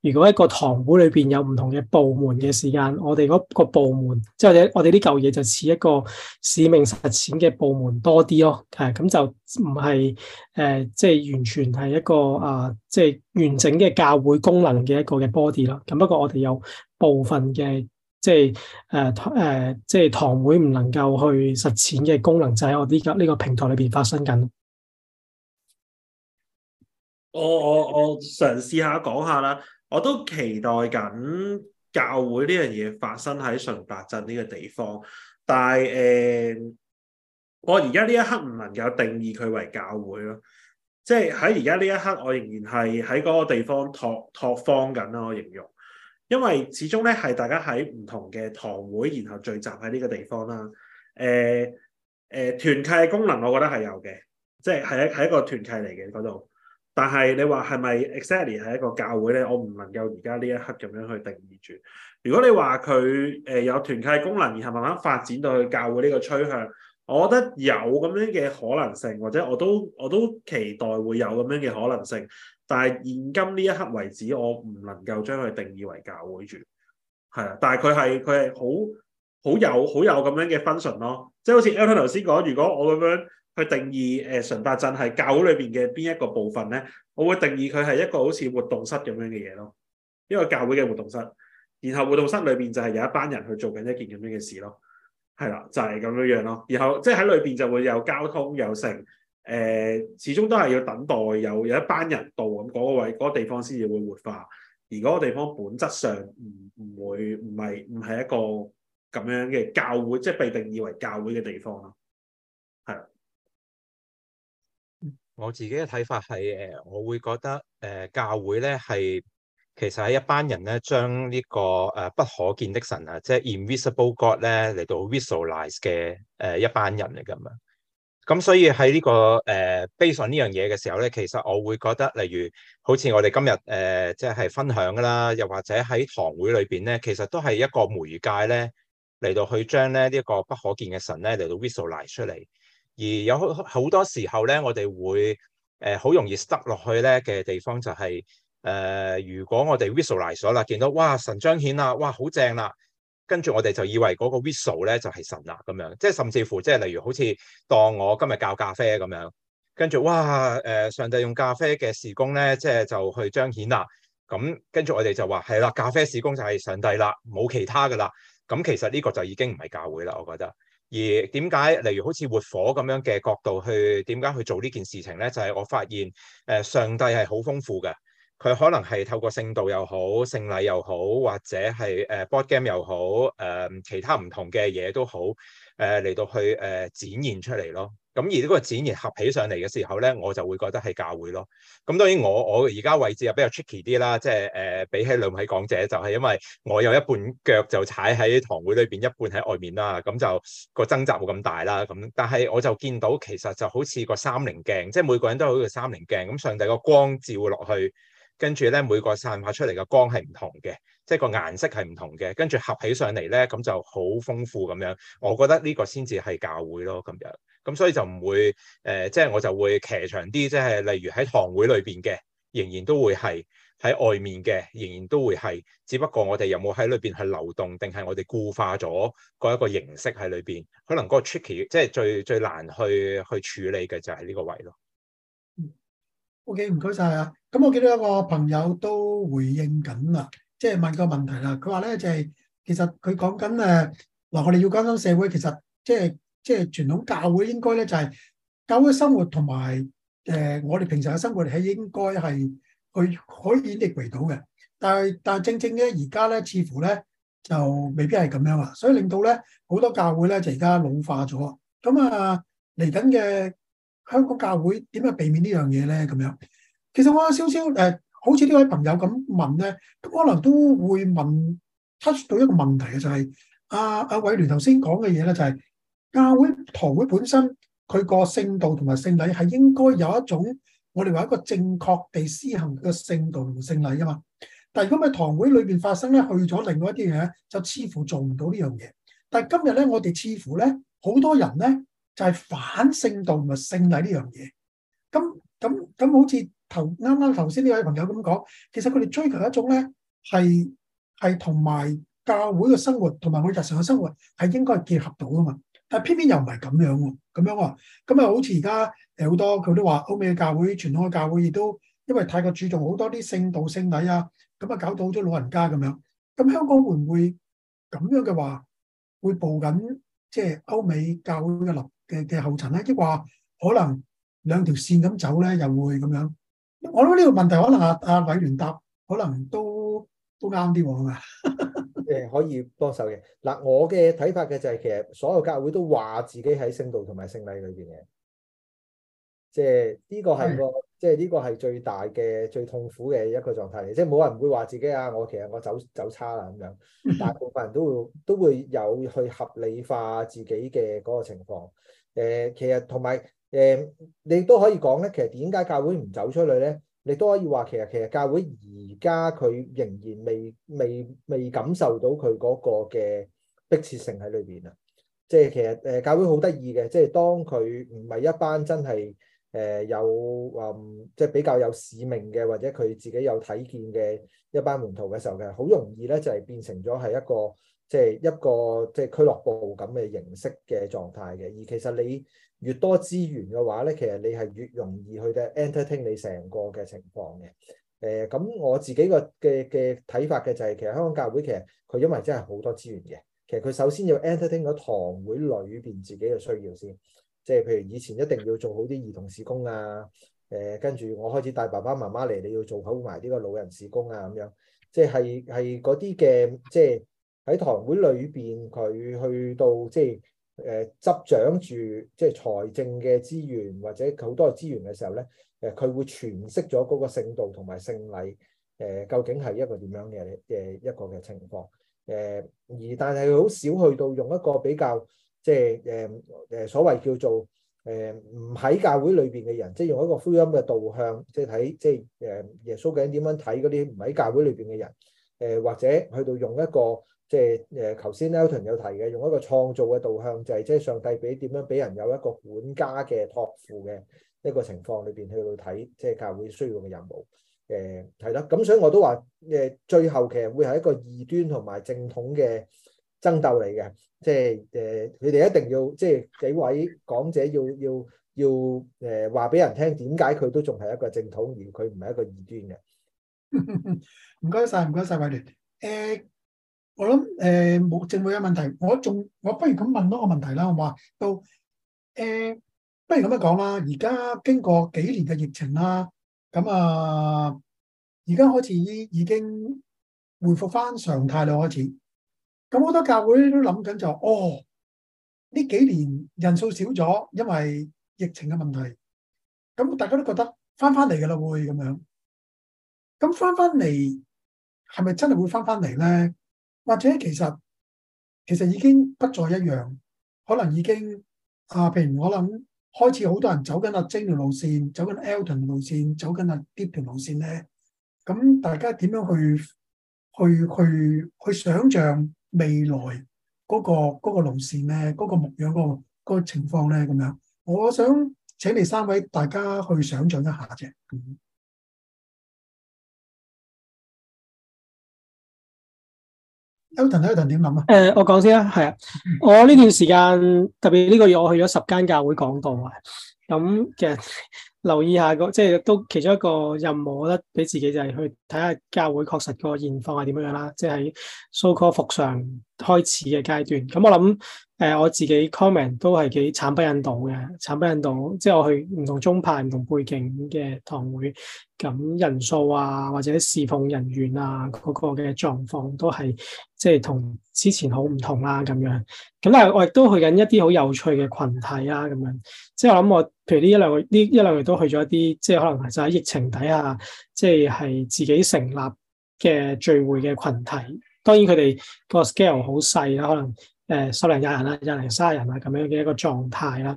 如果一個堂會裏邊有唔同嘅部門嘅時間，我哋嗰個部門，即係我哋呢舊嘢就似一個使命實踐嘅部門多啲咯。誒，啊，咁就唔係誒，即係完全係一個啊，即係完整嘅教會功能嘅一個嘅 body 咯。咁不過我哋有部分嘅即係誒誒，即係堂會唔能夠去實踐嘅功能，就喺我呢個呢個平台裏邊發生緊。我我我嘗試下講下啦，我都期待緊教會呢樣嘢發生喺純白鎮呢個地方，但係誒、呃，我而家呢一刻唔能夠定義佢為教會咯，即係喺而家呢一刻，我仍然係喺嗰個地方拓拓荒緊啦，我形容，因為始終咧係大家喺唔同嘅堂會，然後聚集喺呢個地方啦，誒、呃、誒，團、呃、契嘅功能我覺得係有嘅，即係係一係一個團契嚟嘅嗰度。但係你話係咪 exactly 係一個教會咧？我唔能夠而家呢一刻咁樣去定義住。如果你話佢誒有團契功能，然後慢慢發展到去教會呢個趨向，我覺得有咁樣嘅可能性，或者我都我都期待會有咁樣嘅可能性。但係現今呢一刻為止，我唔能夠將佢定義為教會住。係啊，但係佢係佢係好好有好有咁樣嘅 function 咯。即係好似 Elton 頭先講，如果我咁樣，去定義誒、呃、純白鎮係教會裏邊嘅邊一個部分咧？我會定義佢係一個好似活動室咁樣嘅嘢咯，一個教會嘅活動室。然後活動室裏邊就係有一班人去做緊一件咁樣嘅事咯，係啦，就係、是、咁樣樣咯。然後即係喺裏邊就會有交通有成，誒、呃，始終都係要等待有有一班人到咁嗰、那個位嗰、那個地方先至會活化，而嗰個地方本質上唔唔會唔係唔係一個咁樣嘅教會，即、就、係、是、被定義為教會嘅地方咯。我自己嘅睇法係誒，我會覺得誒、呃、教會咧係其實係一班人咧將呢、這個誒不、呃、可見的神啊，即係 invisible God 咧嚟到 visualize 嘅誒、呃、一班人嚟噶嘛。咁所以喺呢、這個誒 basis 呢樣嘢嘅時候咧，呃、on one，其實我會覺得，例如好似我哋今日誒、呃、即係分享㗎啦，又或者喺堂會裏邊咧，其實都係一個媒介咧嚟到去將咧呢、這個不可見嘅神咧嚟到 visualize 出嚟。而有好多時候咧，我哋會誒好、呃、容易 stuck 落去咧嘅地方就係、是、誒、呃，如果我哋 visualize 咗啦，見到哇神彰顯啊，哇好正啦，跟住我哋就以為嗰個 visual 咧就係、是、神啦咁樣，即係甚至乎即係例如好似當我今日教咖啡咁樣，跟住哇誒、呃、上帝用咖啡嘅事工咧，即係就去彰顯啦，咁跟住我哋就話係啦，咖啡事工就係上帝啦，冇其他噶啦，咁其實呢個就已經唔係教會啦，我覺得。而點解例如好似活火咁樣嘅角度去點解去做呢件事情咧？就係、是、我發現誒上帝係好豐富嘅，佢可能係透過聖道又好、聖禮又好，或者係誒 board game 又好，誒其他唔同嘅嘢都好。誒嚟、呃、到去誒、呃、展現出嚟咯，咁而呢個展現合起上嚟嘅時候咧，我就會覺得係教會咯。咁、嗯、當然我我而家位置又比較 tricky 啲啦，即係誒、呃、比起兩位講者就係、是、因為我有一半腳就踩喺堂會裏邊，一半喺外面啦，咁、嗯、就個掙扎冇咁大啦。咁、嗯、但係我就見到其實就好似個三棱鏡，即係每個人都好似個三棱鏡，咁、嗯、上帝個光照落去，跟住咧每個散發出嚟嘅光係唔同嘅。即係個顏色係唔同嘅，跟住合起上嚟咧，咁就好豐富咁樣。我覺得呢個先至係教會咯，咁樣。咁所以就唔會誒、呃，即係我就會騎長啲，即係例如喺堂會裏邊嘅，仍然都會係喺外面嘅，仍然都會係。只不過我哋有冇喺裏邊去流動，定係我哋固化咗嗰一個形式喺裏邊？可能嗰個 tricky，即係最最難去去處理嘅就係呢個位咯。O.K. 唔該晒啊！咁我見到有個朋友都回應緊啊～即係問個問題啦，佢話咧就係、是、其實佢講緊誒，嗱、呃、我哋要講緊社會，其實即係即係傳統教會應該咧就係教會生活同埋誒我哋平常嘅生活係應該係佢可以演繹到嘅，但係但係正正咧而家咧似乎咧就未必係咁樣啊，所以令到咧好多教會咧就而家老化咗，咁啊嚟緊嘅香港教會點樣避免呢樣嘢咧？咁樣其實我少少誒。呃好似呢位朋友咁問咧，咁可能都會問 touch 到一個問題嘅、就係，啊啊、剛剛就係阿阿偉聯頭先講嘅嘢咧，就係教會堂會本身佢個聖道同埋聖禮係應該有一種我哋話一個正確地施行嘅聖道同埋聖禮啊嘛。但係如果咪堂會裏邊發生咧，去咗另外一啲嘢咧，就似乎做唔到呢樣嘢。但係今日咧，我哋似乎咧好多人咧就係、係、反聖道同埋聖禮呢樣嘢。咁咁咁好似。頭啱啱頭先呢位朋友咁講，其實佢哋追求一種咧，係係同埋教會嘅生活同埋我日常嘅生活係應該結合到噶嘛，但偏偏又唔係咁樣喎，咁樣喎，咁啊好似而家誒好多佢都話歐美嘅教會、傳統嘅教會亦都因為太過注重好多啲聖道聖禮啊，咁啊搞到好多老人家咁樣，咁香港會唔會咁樣嘅話，會步緊即係歐美教會嘅落嘅嘅後塵咧？亦話可能兩條線咁走咧，又會咁樣。我諗呢個問題可能阿阿偉聯答可能都都啱啲㗎。誒 、呃，可以幫手嘅嗱，我嘅睇法嘅就係其實所有教會都話自己喺聖道同埋聖禮裏邊嘅，即係呢、這個係個，即係呢個係最大嘅最痛苦嘅一個狀態嚟。即係冇人會話自己啊，我其實我走走差啦咁樣，大部分人都會都會有去合理化自己嘅嗰個情況。誒、呃，其實同埋。誒、嗯，你都可以講咧，其實點解教會唔走出嚟咧？你都可以話其實其實教會而家佢仍然未未未感受到佢嗰個嘅迫切性喺裏邊啊！即係其實誒、呃、教會好得意嘅，即係當佢唔係一班真係誒、呃、有誒即係比較有使命嘅或者佢自己有睇見嘅一班門徒嘅時候嘅，其實好容易咧就係、是、變成咗係一個。即係一個即係俱樂部咁嘅形式嘅狀態嘅，而其實你越多資源嘅話咧，其實你係越容易去嘅 entertain 你成個嘅情況嘅。誒、呃，咁我自己個嘅嘅睇法嘅就係、是，其實香港教會其實佢因為真係好多資源嘅，其實佢首先要 entertain 咗堂會裏邊自己嘅需要先，即係譬如以前一定要做好啲兒童事工啊，誒、呃，跟住我開始帶爸爸媽媽嚟，你要做好埋呢個老人事工啊，咁樣，即係係嗰啲嘅即係。喺堂會裏邊，佢去到即係誒執掌住即係財政嘅資源或者好多資源嘅時候咧，誒佢會詮釋咗嗰個聖道同埋聖禮，誒、呃、究竟係一個點樣嘅嘅一個嘅情況，誒、呃、而但係好少去到用一個比較即係誒誒所謂叫做誒唔喺教會裏邊嘅人，即係用一個福音嘅導向，即係睇即係誒、呃、耶穌究竟點樣睇嗰啲唔喺教會裏邊嘅人，誒、呃、或者去到用一個。即係誒，頭先 Elton 有提嘅，用一個創造嘅導向，就係即係上帝俾點樣俾人有一個管家嘅託付嘅一個情況裏邊去到睇，即係教會需要嘅任務。誒係啦，咁所以我都話誒，最後其實會係一個異端同埋正統嘅爭鬥嚟嘅。即係誒，佢哋一定要即係幾位講者要要要誒話俾人聽，點解佢都仲係一個正統而佢唔係一個異端嘅。唔該晒，唔該晒，我哋誒。我諗誒，冇政府嘅問題，我仲我不如咁問多個問題啦，我話到誒、呃，不如咁樣講啦，而家經過幾年嘅疫情啦，咁啊，而家開始已已經恢復翻常態啦，開始。咁好多教會都諗緊就，哦，呢幾年人數少咗，因為疫情嘅問題。咁大家都覺得翻翻嚟噶啦會咁樣，咁翻翻嚟係咪真係會翻翻嚟咧？或者其實其實已經不再一樣，可能已經啊，譬如我諗，開始好多人走緊阿精條路線，走緊 Elton 路線，走緊阿 Deep 條路線咧。咁大家點樣去去去去，去想像未來嗰個嗰個路線咧，嗰個牧養嗰個、嗰個情況咧咁樣？我想請你三位大家去想像一下啫。Elton，Elton 點諗啊？誒、呃，我講先啦，係啊， 我呢段時間特別呢個月，我去咗十間教會講道啊，咁其實留意下個，即、就、係、是、都其中一個任務，我覺得俾自己就係去睇下教會確實個現況係點樣樣啦，即係蘇科服上，開始嘅階段，咁我諗誒我自己 comment 都係幾慘不忍睹嘅，慘不忍睹。即係我去唔同中派、唔同背景嘅堂會，咁人數啊，或者侍奉人員啊，嗰個嘅狀況都係即係同之前好唔同啦。咁樣咁咧，但係我亦都去緊一啲好有趣嘅群體啊。咁樣即係我諗我，譬如呢一兩個呢一兩個都去咗一啲，即係可能就喺疫情底下，即係係自己成立嘅聚會嘅群體。當然佢哋個 scale 好細啦，可能誒十零廿人啦，廿零卅人啦咁樣嘅一個狀態啦。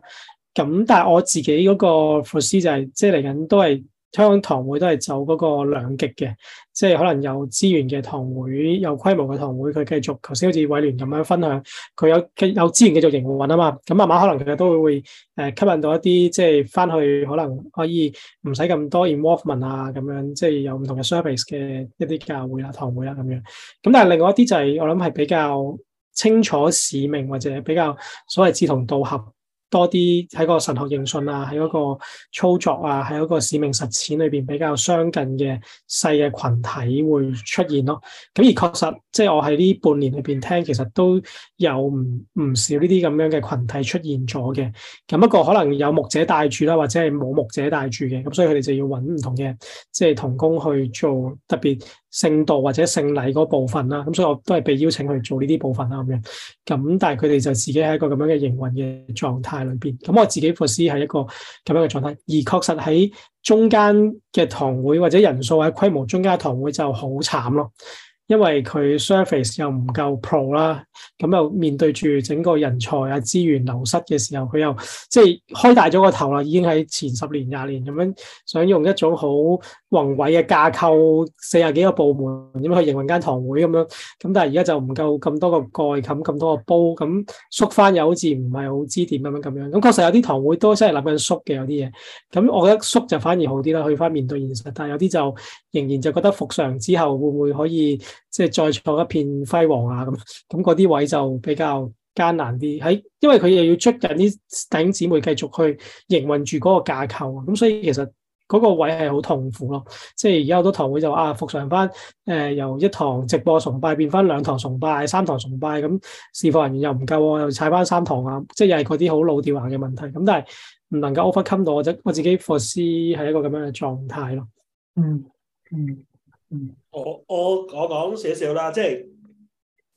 咁但係我自己嗰個副師就係、是、即係嚟緊都係。香港堂會都係走嗰個兩極嘅，即係可能有資源嘅堂會、有規模嘅堂會，佢繼續頭先好似偉聯咁樣分享，佢有有資源繼續營運啊嘛，咁慢慢可能佢哋都會誒吸引到一啲即係返去可能可以唔使咁多 involvement 啊，咁樣即係有唔同嘅 service 嘅一啲教會啦、堂會啦咁樣。咁但係另外一啲就係我諗係比較清楚使命或者比較所謂志同道合。多啲喺個神學認信啊，喺嗰個操作啊，喺嗰個使命實踐裏邊比較相近嘅細嘅群體會出現咯、啊。咁而確實，即、就、係、是、我喺呢半年裏邊聽，其實都有唔唔少呢啲咁樣嘅群體出現咗嘅。咁不過可能有牧者帶住啦，或者係冇牧者帶住嘅，咁所以佢哋就要揾唔同嘅即係同工去做特別。聖道或者聖禮嗰部分啦，咁所以我都係被邀請去做呢啲部分啦咁樣，咁但係佢哋就自己喺一個咁樣嘅營運嘅狀態裏邊，咁我自己服侍係一個咁樣嘅狀態，而確實喺中間嘅堂會或者人數或者規模中間嘅堂會就好慘咯。因為佢 surface 又唔夠 pro 啦，咁又面對住整個人才啊、資源流失嘅時候，佢又即係開大咗個頭啦，已經喺前十年廿年咁樣想用一種好宏偉嘅架構，四十幾個部門點樣去營運間堂會咁樣，咁但係而家就唔夠咁多個蓋冚咁多個煲，咁縮翻又好似唔係好知點咁樣咁樣，咁確實有啲堂會都真係諗緊縮嘅有啲嘢，咁我覺得縮就反而好啲啦，去翻面對現實，但係有啲就仍然就覺得復常之後會唔會可以？即係再創一片輝煌啊！咁咁嗰啲位就比較艱難啲，喺因為佢又要出緊啲弟兄姊妹繼續去營運住嗰個架構，咁所以其實嗰個位係好痛苦咯。即係而家好多堂會就啊，復常翻誒、呃，由一堂直播崇拜變翻兩堂崇拜、三堂崇拜，咁事奉人員又唔夠，又踩翻三堂啊！即係又係嗰啲好老掉牙嘅問題。咁但係唔能夠 overcome 到我，我自己服侍係一個咁樣嘅狀態咯。嗯嗯。嗯、我我我講少少啦，即係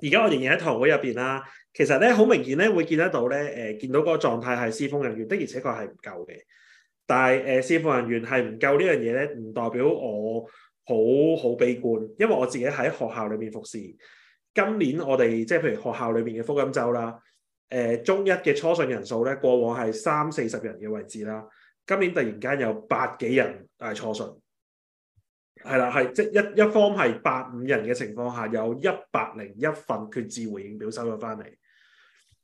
而家我仍然喺堂會入邊啦。其實咧，好明顯咧會見得到咧，誒、呃，見到個狀態係事奉人員的，的，而且確係唔夠嘅。但係誒，事奉人員係唔夠呢樣嘢咧，唔代表我好好悲觀，因為我自己喺學校裏面服侍。今年我哋即係譬如學校裏面嘅福音周啦，誒、呃，中一嘅初信人數咧，過往係三四十人嘅位置啦，今年突然間有百幾人係初信。係啦，係即一一方係八五人嘅情況下，有一百零一份決志回應表收咗翻嚟。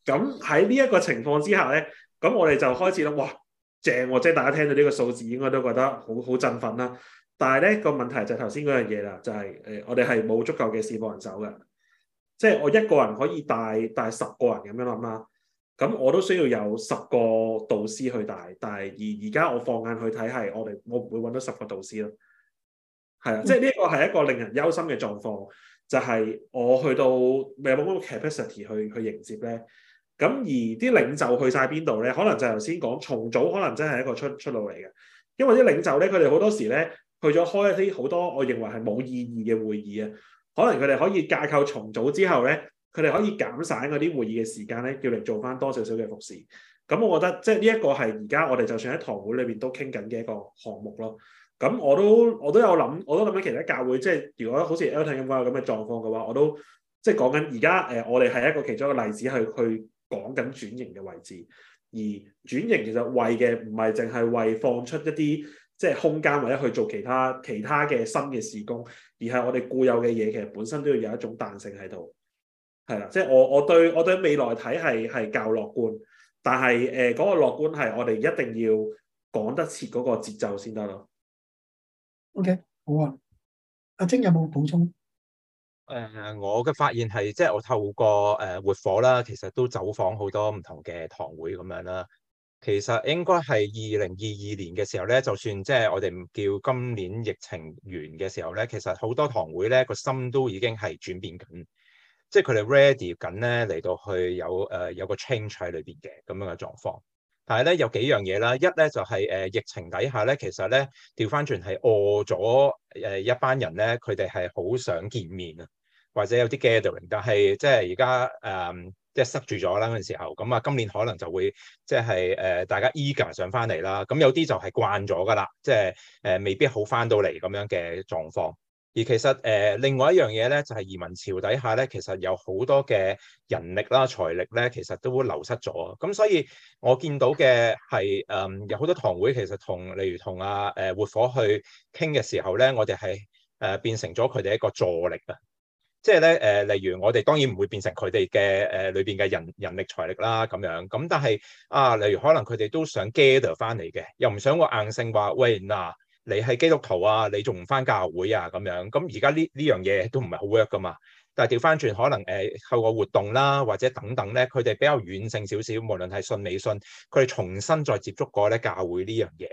咁喺呢一個情況之下咧，咁我哋就開始啦，哇正喎，哦！即係大家聽到呢個數字，應該都覺得好好振奮啦。但係咧個問題就頭先嗰樣嘢啦，就係、是、誒、呃，我哋係冇足夠嘅示範人手嘅。即係我一個人可以帶帶十個人咁樣諗啦，咁我都需要有十個導師去帶，但係而而家我放眼去睇，係我哋我唔會揾到十個導師咯。係啊，即係呢一個係一個令人憂心嘅狀況，就係、是、我去到有冇咁嘅 capacity 去去迎接咧？咁而啲領袖去晒邊度咧？可能就頭先講重組可，可能真係一個出出路嚟嘅。因為啲領袖咧，佢哋好多時咧去咗開一啲好多，我認為係冇意義嘅會議啊。可能佢哋可以架構重組之後咧，佢哋可以減省嗰啲會議嘅時間咧，叫你做翻多少少嘅服侍。咁我覺得即係呢一個係而家我哋就算喺堂會裏邊都傾緊嘅一個項目咯。咁我都我都有諗，我都諗緊其他教會，即係如果好似 Elton 咁講咁嘅狀況嘅話，我都即係講緊而家誒，我哋係一個其中一個例子，係去講緊轉型嘅位置。而轉型其實為嘅唔係淨係為放出一啲即係空間或者去做其他其他嘅新嘅事工，而係我哋固有嘅嘢，其實本身都要有一種彈性喺度。係啦，即係我我對我對未來睇係係較樂觀，但係誒嗰個樂觀係我哋一定要講得切嗰個節奏先得咯。O.K. 好啊，阿晶有冇補充？誒，我嘅發現係，即係我透過誒活火啦，其實都走訪好多唔同嘅堂會咁樣啦。其實應該係二零二二年嘅時候咧，就算即係我哋叫今年疫情完嘅時候咧，其實好多堂會咧個心都已經係轉變緊，即係佢哋 ready 緊咧嚟到去有誒有個 change 喺裏邊嘅咁樣嘅狀況。但係咧有幾樣嘢啦，一咧就係、是、誒、呃、疫情底下咧，其實咧調翻轉係餓咗誒一班人咧，佢哋係好想見面啊，或者有啲 gathering，但係即係而家誒即係塞住咗啦嗰陣時候，咁啊今年可能就會即係誒、呃、大家 eager 上翻嚟啦，咁有啲就係慣咗噶啦，即係誒、呃、未必好翻到嚟咁樣嘅狀況。而其實誒、呃、另外一樣嘢咧，就係、是、移民潮底下咧，其實有好多嘅人力啦、財力咧，其實都會流失咗。咁所以我見到嘅係誒有好多堂會，其實同例如同阿、啊、誒、呃、活火活石去傾嘅時候咧，我哋係誒變成咗佢哋一個助力啊。即係咧誒，例如我哋當然唔會變成佢哋嘅誒裏邊嘅人人力財力啦咁樣。咁但係啊，例如可能佢哋都想 gather 翻嚟嘅，又唔想我硬性話喂，嗱。你係基督徒啊？你仲唔翻教會啊？咁樣咁而家呢呢樣嘢都唔係好 work 噶嘛？但係調翻轉，可能誒、呃、透過活動啦，或者等等咧，佢哋比較軟性少少，無論係信未信，佢哋重新再接觸過咧教會呢樣嘢。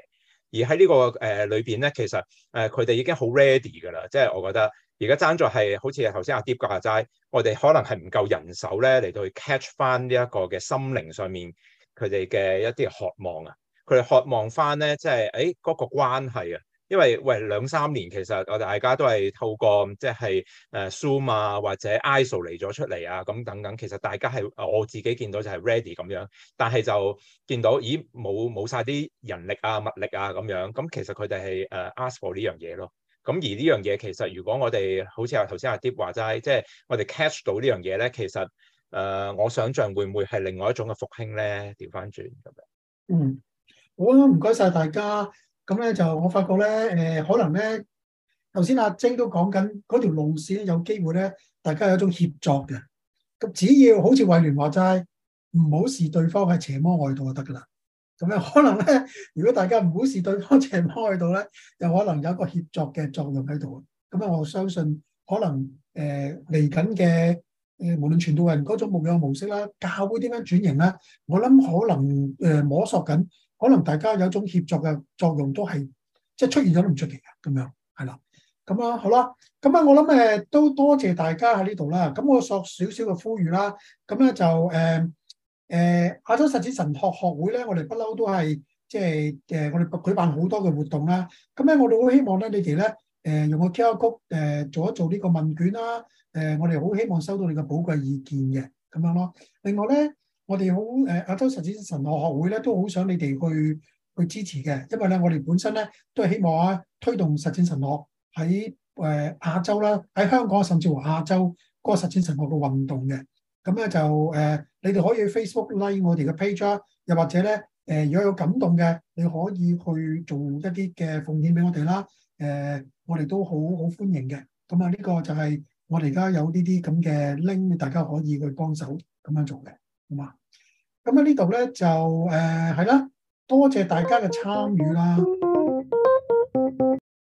而喺、這個呃、呢個誒裏邊咧，其實誒佢哋已經好 ready 噶啦，即係我覺得而家爭在係好似頭先阿 Deep 講嘅，即我哋可能係唔夠人手咧嚟到去 catch 翻呢一個嘅心靈上面佢哋嘅一啲渴望啊。佢哋渴望翻咧，即係誒嗰個關係啊，因為喂兩三年其實我哋大家都係透過即係誒、呃、Zoom 啊或者 ISO 嚟咗出嚟啊，咁等等，其實大家係我自己見到就係 ready 咁樣，但係就見到咦冇冇曬啲人力啊物力啊咁樣，咁其實佢哋係誒 ask for 呢樣嘢咯。咁而呢樣嘢其實如果我哋好似頭先阿 Deep 話齋，即係我哋 catch 到呢樣嘢咧，其實誒、呃、我想象會唔會係另外一種嘅復興咧？調翻轉咁樣。嗯、mm。Hmm. 好啊，唔該晒大家。咁咧就我發覺咧，誒，可能咧，頭先阿晶都講緊嗰條路線有機會咧，大家有一種協作嘅。咁只要好似衛聯話齋，唔好視對方係邪魔外道就得噶啦。咁樣可能咧，如果大家唔好視對方邪魔外道咧，又可能有一個協作嘅作用喺度咁啊，樣我相信可能誒嚟緊嘅無論傳道人嗰種牧養模式啦，教會點樣轉型啦，我諗可能誒、呃、摸索緊。可能大家有一種協作嘅作用都，都係即係出現咗都唔出奇嘅咁樣，係啦，咁啊好啦，咁啊我諗誒都多謝大家喺呢度啦。咁我索少少嘅呼籲啦，咁咧就誒誒亞洲實踐神學學會咧，我哋不嬲都係即係誒，我哋舉辦好多嘅活動啦。咁咧我哋好希望咧，你哋咧誒用個 QR Code 做一做呢個問卷啦。誒、呃、我哋好希望收到你嘅寶貴意見嘅咁樣咯。另外咧。我哋好誒亞洲實踐神學學會咧，都好想你哋去去支持嘅，因為咧我哋本身咧都希望啊推動實踐神學喺誒亞洲啦，喺香港甚至乎亞洲嗰個實踐神學嘅運動嘅。咁咧就誒、呃，你哋可以 Facebook like 我哋嘅 page 啦，又或者咧誒、呃，如果有感動嘅，你可以去做一啲嘅奉獻俾我哋啦。誒、呃，我哋都好好歡迎嘅。咁啊，呢個就係我哋而家有呢啲咁嘅 link，大家可以去幫手咁樣做嘅，好嘛？咁喺呢度呢，就誒係啦，多謝大家嘅參與啦。